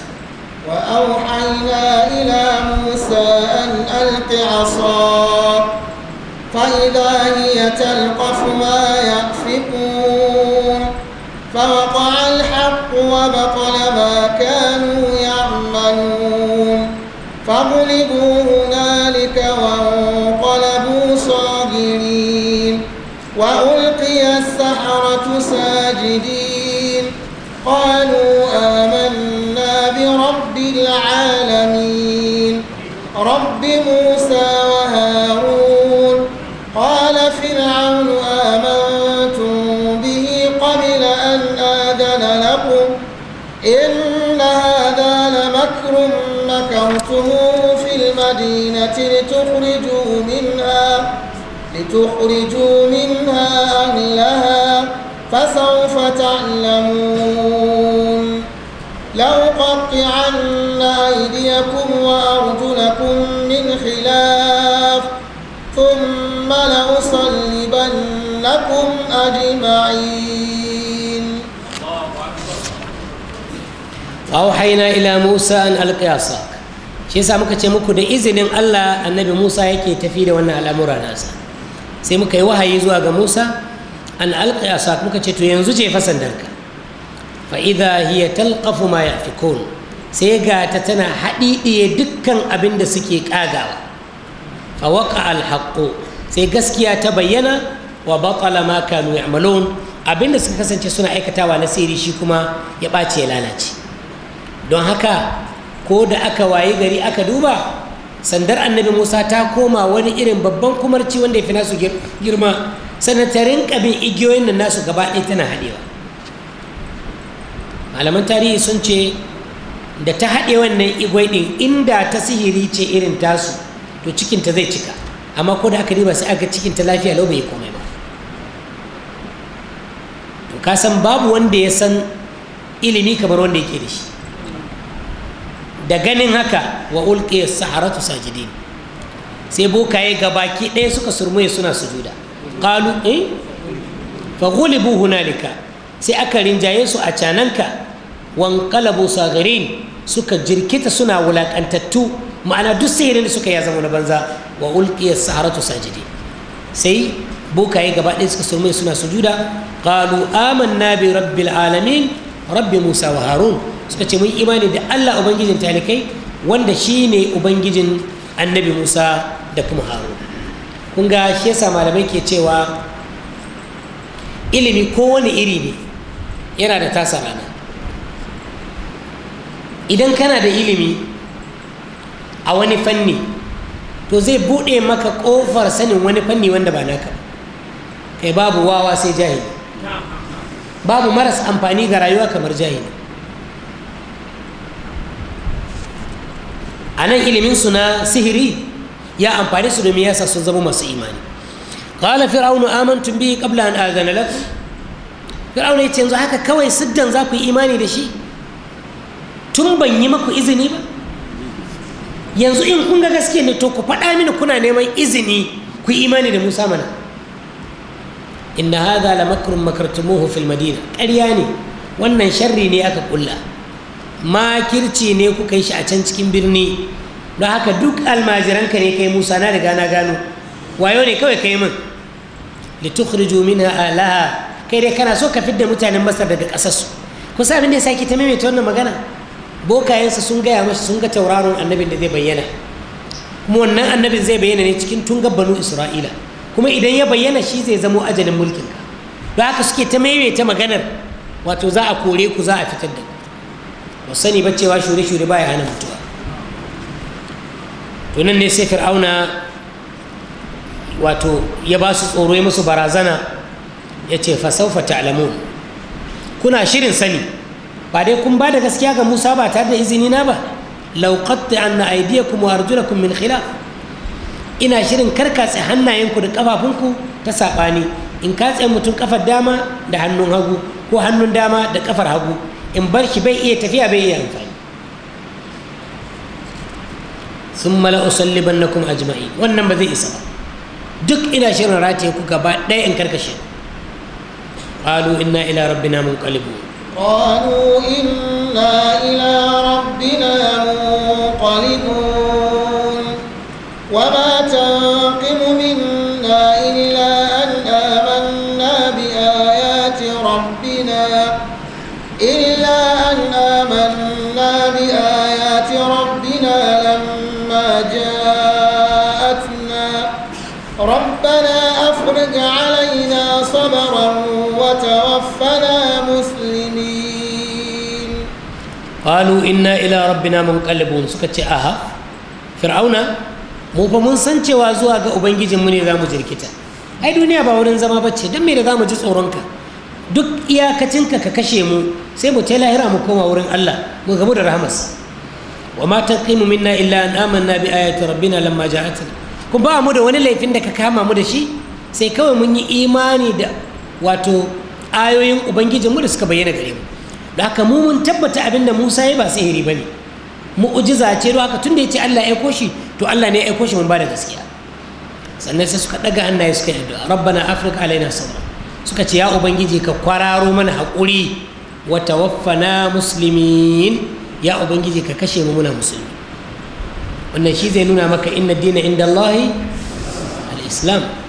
وأوحينا إلى موسى أن ألق عصاك فإذا هي تلقف ما يأفكون فوقع الحق وبطل ما كانوا يعملون فغلبوا هنالك وانقلبوا صاغرين وألقي السحرة ساجدين قالوا المدينة لتخرجوا منها لتخرجوا منها أهلها فسوف تعلمون لأقطعن أيديكم وأرجلكم من خلاف ثم لأصلبنكم أجمعين أوحينا إلى موسى أن ألقي عصاك shi yasa muka ce muku da izinin Allah annabi Musa yake tafi da wannan al'amura nasa sai muka yi wahayi zuwa ga Musa an alqi asak muka ce to yanzu ce fasan darka fa idha hiya talqafu ma yafikun sai ga ta tana haɗiɗiye dukkan abin da suke ƙagawa fa waqa sai gaskiya ta bayyana wa batala ma kanu ya'malun abin da suka kasance suna aikatawa na sirri shi kuma ya ɓace ya lalace don haka ko da aka waye gari aka duba sandar annabi musa ta koma wani irin babban kumarci wanda ya fi nasu girma sanatarin kabin igiyoyin nan nasu gaba ɗaya tana haɗewa malaman tarihi sun ce da ta haɗe wannan igwai ɗin inda ta sihiri ce irin tasu to cikinta zai cika amma ko da aka riba sai aka cikinta lafiya lau bai komai ba to ka san babu wanda ya san ilimi kamar wanda yake da shi da ganin haka wa ulqiya saharatu sajidin sai bokaye gabaki ɗaya suka surmuye suna sujuda qalu eh fa ghulibu hunalika sai aka rinjaye su a cananka wan qalabu suka jirkita suna wulakantattu ma'ana duk sihirin suka ya zama na banza wa ulqiya saharatu sajidin sai bokaye gaba ɗaya suka surmuye suna sujuda qalu amanna bi rabbil alamin rabbi musa wa harun suka ce mun imani da Allah ubangijin talikai wanda shi ne ubangijin annabi Musa da kuma haru kun ga shi yasa malamai ke cewa ilimi kowane iri ne yana da tasa rana idan kana da ilimi a wani fanni to zai buɗe maka ƙofar sanin wani fanni wanda ba naka kai babu wawa sai jahili babu maras amfani ga rayuwa kamar jahili a nan iliminsu na sihiri ya amfani su domin yasa sun zama masu imani ƙala fir'aunu amantun bi qabla an azana lakum fir'aunu ya ce yanzu haka kawai siddan za ku yi imani da shi tun ban yi maku izini ba yanzu in kun ga gaske ne to ku faɗa mini kuna neman izini ku yi imani da musa mana inna hadha la makrun makartumuhu fil madina ƙarya ne wannan sharri ne aka kulla ma kirci ne kuka yi shi a can cikin birni don haka duk almajiranka ne kai musa na riga na gano wayo ne kawai kai min tukhriju minha alaha kai dai kana so ka fidda mutanen masar daga ku sa abin da ya sake ta maimaita wannan magana bokayensa sun gaya masa sun ga tauraron annabin da zai bayyana kuma wannan annabin zai bayyana ne cikin tun banu isra'ila kuma idan ya bayyana shi zai zamo ajalin mulkin ka don haka suke ta maimaita maganar wato za a kore ku za a fitar da ku ba sani ba cewa shure-shure baya hana mutuwa to nan ne sai fir'auna wato ya ba su tsoro ya musu barazana ya ce fasaufa ta'lamun kuna shirin sani ba dai kun ba da gaskiya ga musa ba tare da izini na ba lauƙatta an na kuma wa kun min khila ina shirin karkatse hannayenku da ƙafafunku ta saɓani in katse mutum ƙafar dama da hannun hagu ko hannun dama da ƙafar hagu in bar shi bai iya tafiya bai iya amfani sun mala usalliban na kuma ajma'i wannan ba zai isa ba duk ina shirin rataye ku gaba ɗaya in karkashe قالوا ila إلى ربنا منقلبون قالوا إنا إلى ربنا منقلبون وما تنفع تفرج علينا صبرا وتوفنا مسلمين قالوا إنا إلى ربنا منقلبون سكتي أها فرعون mu fa mun san cewa zuwa ga ubangijinmu ne za mu jirkita ai duniya ba wurin zama bace don me da za mu ji tsoronka duk iyakacinka ka kashe mu sai mu ta lahira mu koma wurin Allah mu gamu da rahamas wa ma taqimu minna illa an amanna bi ayati rabbina lamma ja'atna kun ba mu da wani laifin da ka kama mu da shi sai kawai mun yi imani da wato ayoyin ubangijinmu da suka bayyana gare mu da haka mu mun tabbata abinda musa ya ba sihiri ba ne mu'ujiza ce don haka da ya ce allah ya aiko shi to allah ne ya aiko shi mun ba da gaskiya sannan sai suka ɗaga hannaye suka yi addu'a rabbana afirka alaina saura suka ce ya ubangiji ka kwararo mana haƙuri wa tawaffana muslimin ya ubangiji ka kashe mu muna musulmi wannan shi zai nuna maka inna dina inda allahi al-islam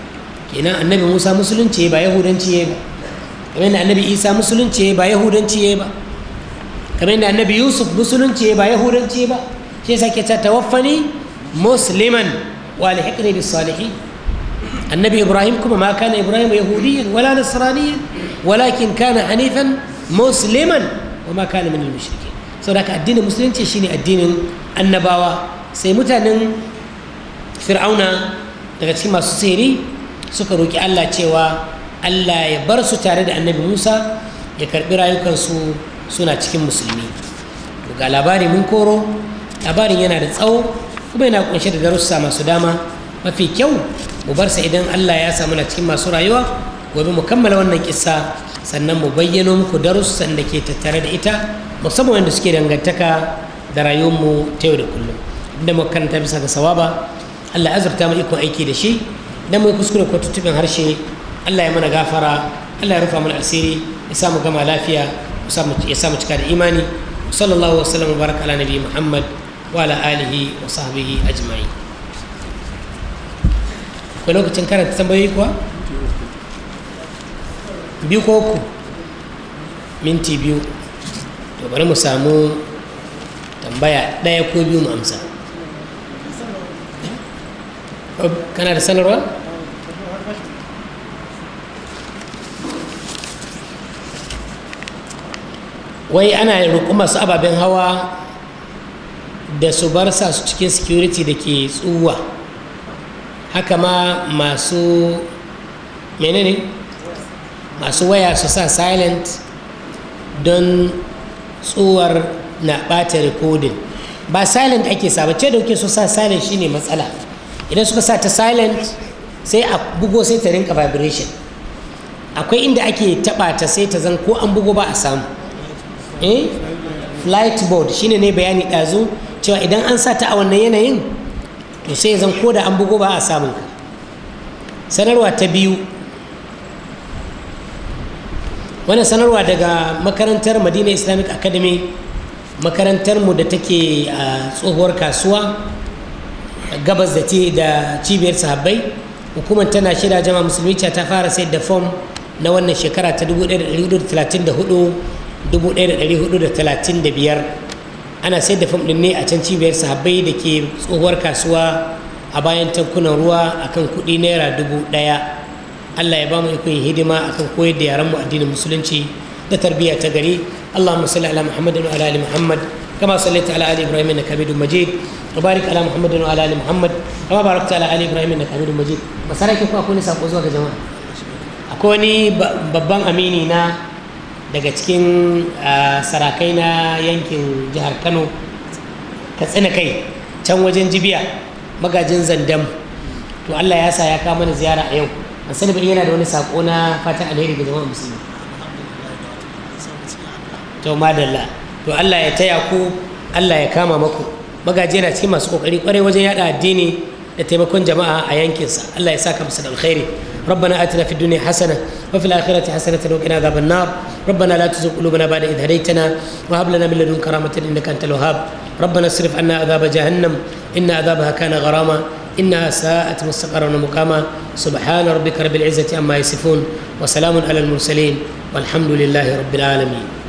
Ina annabi musa musulunci ya ba yahudanci ya ba kamar da annabi isa musulunci ya ba yahudanci ya ba kamar da annabi yusuf musulunci ya ba yahudanci ya ba shi yasa ke ta tawaffani musliman wa alhiqni bis salihin annabi ibrahim kuma ma kana ibrahim yahudiyan wala nasraniyan walakin kana hanifan musliman wa ma kana min al-mushrikin saboda haka addinin musulunci shine addinin annabawa sai mutanen fir'auna daga cikin masu sihiri suka roƙi Allah cewa Allah ya bar su tare da annabi Musa ya karɓi rayukansu suna cikin musulmi ga labari mun koro labarin yana da tsawo kuma yana kunshe da darussa masu dama mafi kyau mu bar sa idan Allah ya samu na cikin masu rayuwa gobe mu kammala wannan kissa sannan mu bayyano muku darussan da ke tattare da ita musamman wanda suke dangantaka da rayuwarmu ta yau da kullum inda muka karanta bisa ga sawaba Allah ya azurta mu ikon aiki da shi dan mai kuskure ko tuttuɓin harshe allah ya mana gafara allah ya rufa mana asiri ya samu gama lafiya ya samu cika da imani sallallahu wasallam wa baraka ala nabi muhammad wa ala alihi wa sahbihi ajma'in ko lokacin karanta tambayoyi kuwa biyu ko uku minti biyu to bari mu samu tambaya ɗaya ko biyu mu amsa Oh, kana da sanarwa wai ana rukun masu ababen hawa da su bar sa su cikin security da ke tsuwa haka ma masu menene masu waya su sa silent don tsuwar na bata recording ba silent ake sa ba ce da kuke so sa silent shine matsala idan suka sa ta silent sai a bugo sai ta rinka vibration akwai inda ake taba ta sai ta zan ko an bugo ba a samu eh flight board shine ne bayani ɗazu cewa idan an sa ta a wannan yanayin to sai zan ko da an bugo ba a samun sanarwa ta biyu wannan sanarwa daga makarantar madina islamic academy makarantar mu da take a tsohuwar kasuwa gabas da ce da cibiyar sahabbai hukumar tana shirya jama musulmi ta fara sayar da fom na wannan shekara ta 1434-1435 ana sayar da fom ɗin ne a can cibiyar sahabbai da ke tsohuwar kasuwa a bayan tankunan ruwa akan kuɗi naira dubu ɗaya allah ya ba mu ikon hidima akan koyar da yaran mu addinin musulunci da tarbiyya ta gari allahumma salli ala muhammadin wa ala ali muhammad كما صليت على ال ابراهيم انك حميد مجيد وبارك على محمد وعلى ال محمد كما باركت على ال ابراهيم انك حميد مجيد masaraki ko akwai sako zuwa ga jama'a akwai wani babban amini na daga cikin sarakai na yankin jihar kano katsina kai can wajen jibiya magajin zandam to allah ya sa ya kawo mana ziyara a yau an sani yana da wani sako na fatan alheri ga jama'a musulmi to madalla to Allah ya taya ku Allah ya kama maku magaje na cikin masu kokari kware wajen yada addini da taimakon jama'a a yankin sa Allah ya saka musu alkhairi ربنا آتنا في الدنيا حسنة وفي الآخرة حسنة وقنا عذاب النار ربنا لا تزغ قلوبنا بعد إذ هديتنا وهب لنا من لدنك رحمة إنك أنت الوهاب ربنا اصرف عنا عذاب جهنم إن عذابها كان غراما إنها ساءت مستقرا ومقاما سبحان ربك رب العزة عما يصفون وسلام على المرسلين والحمد لله رب العالمين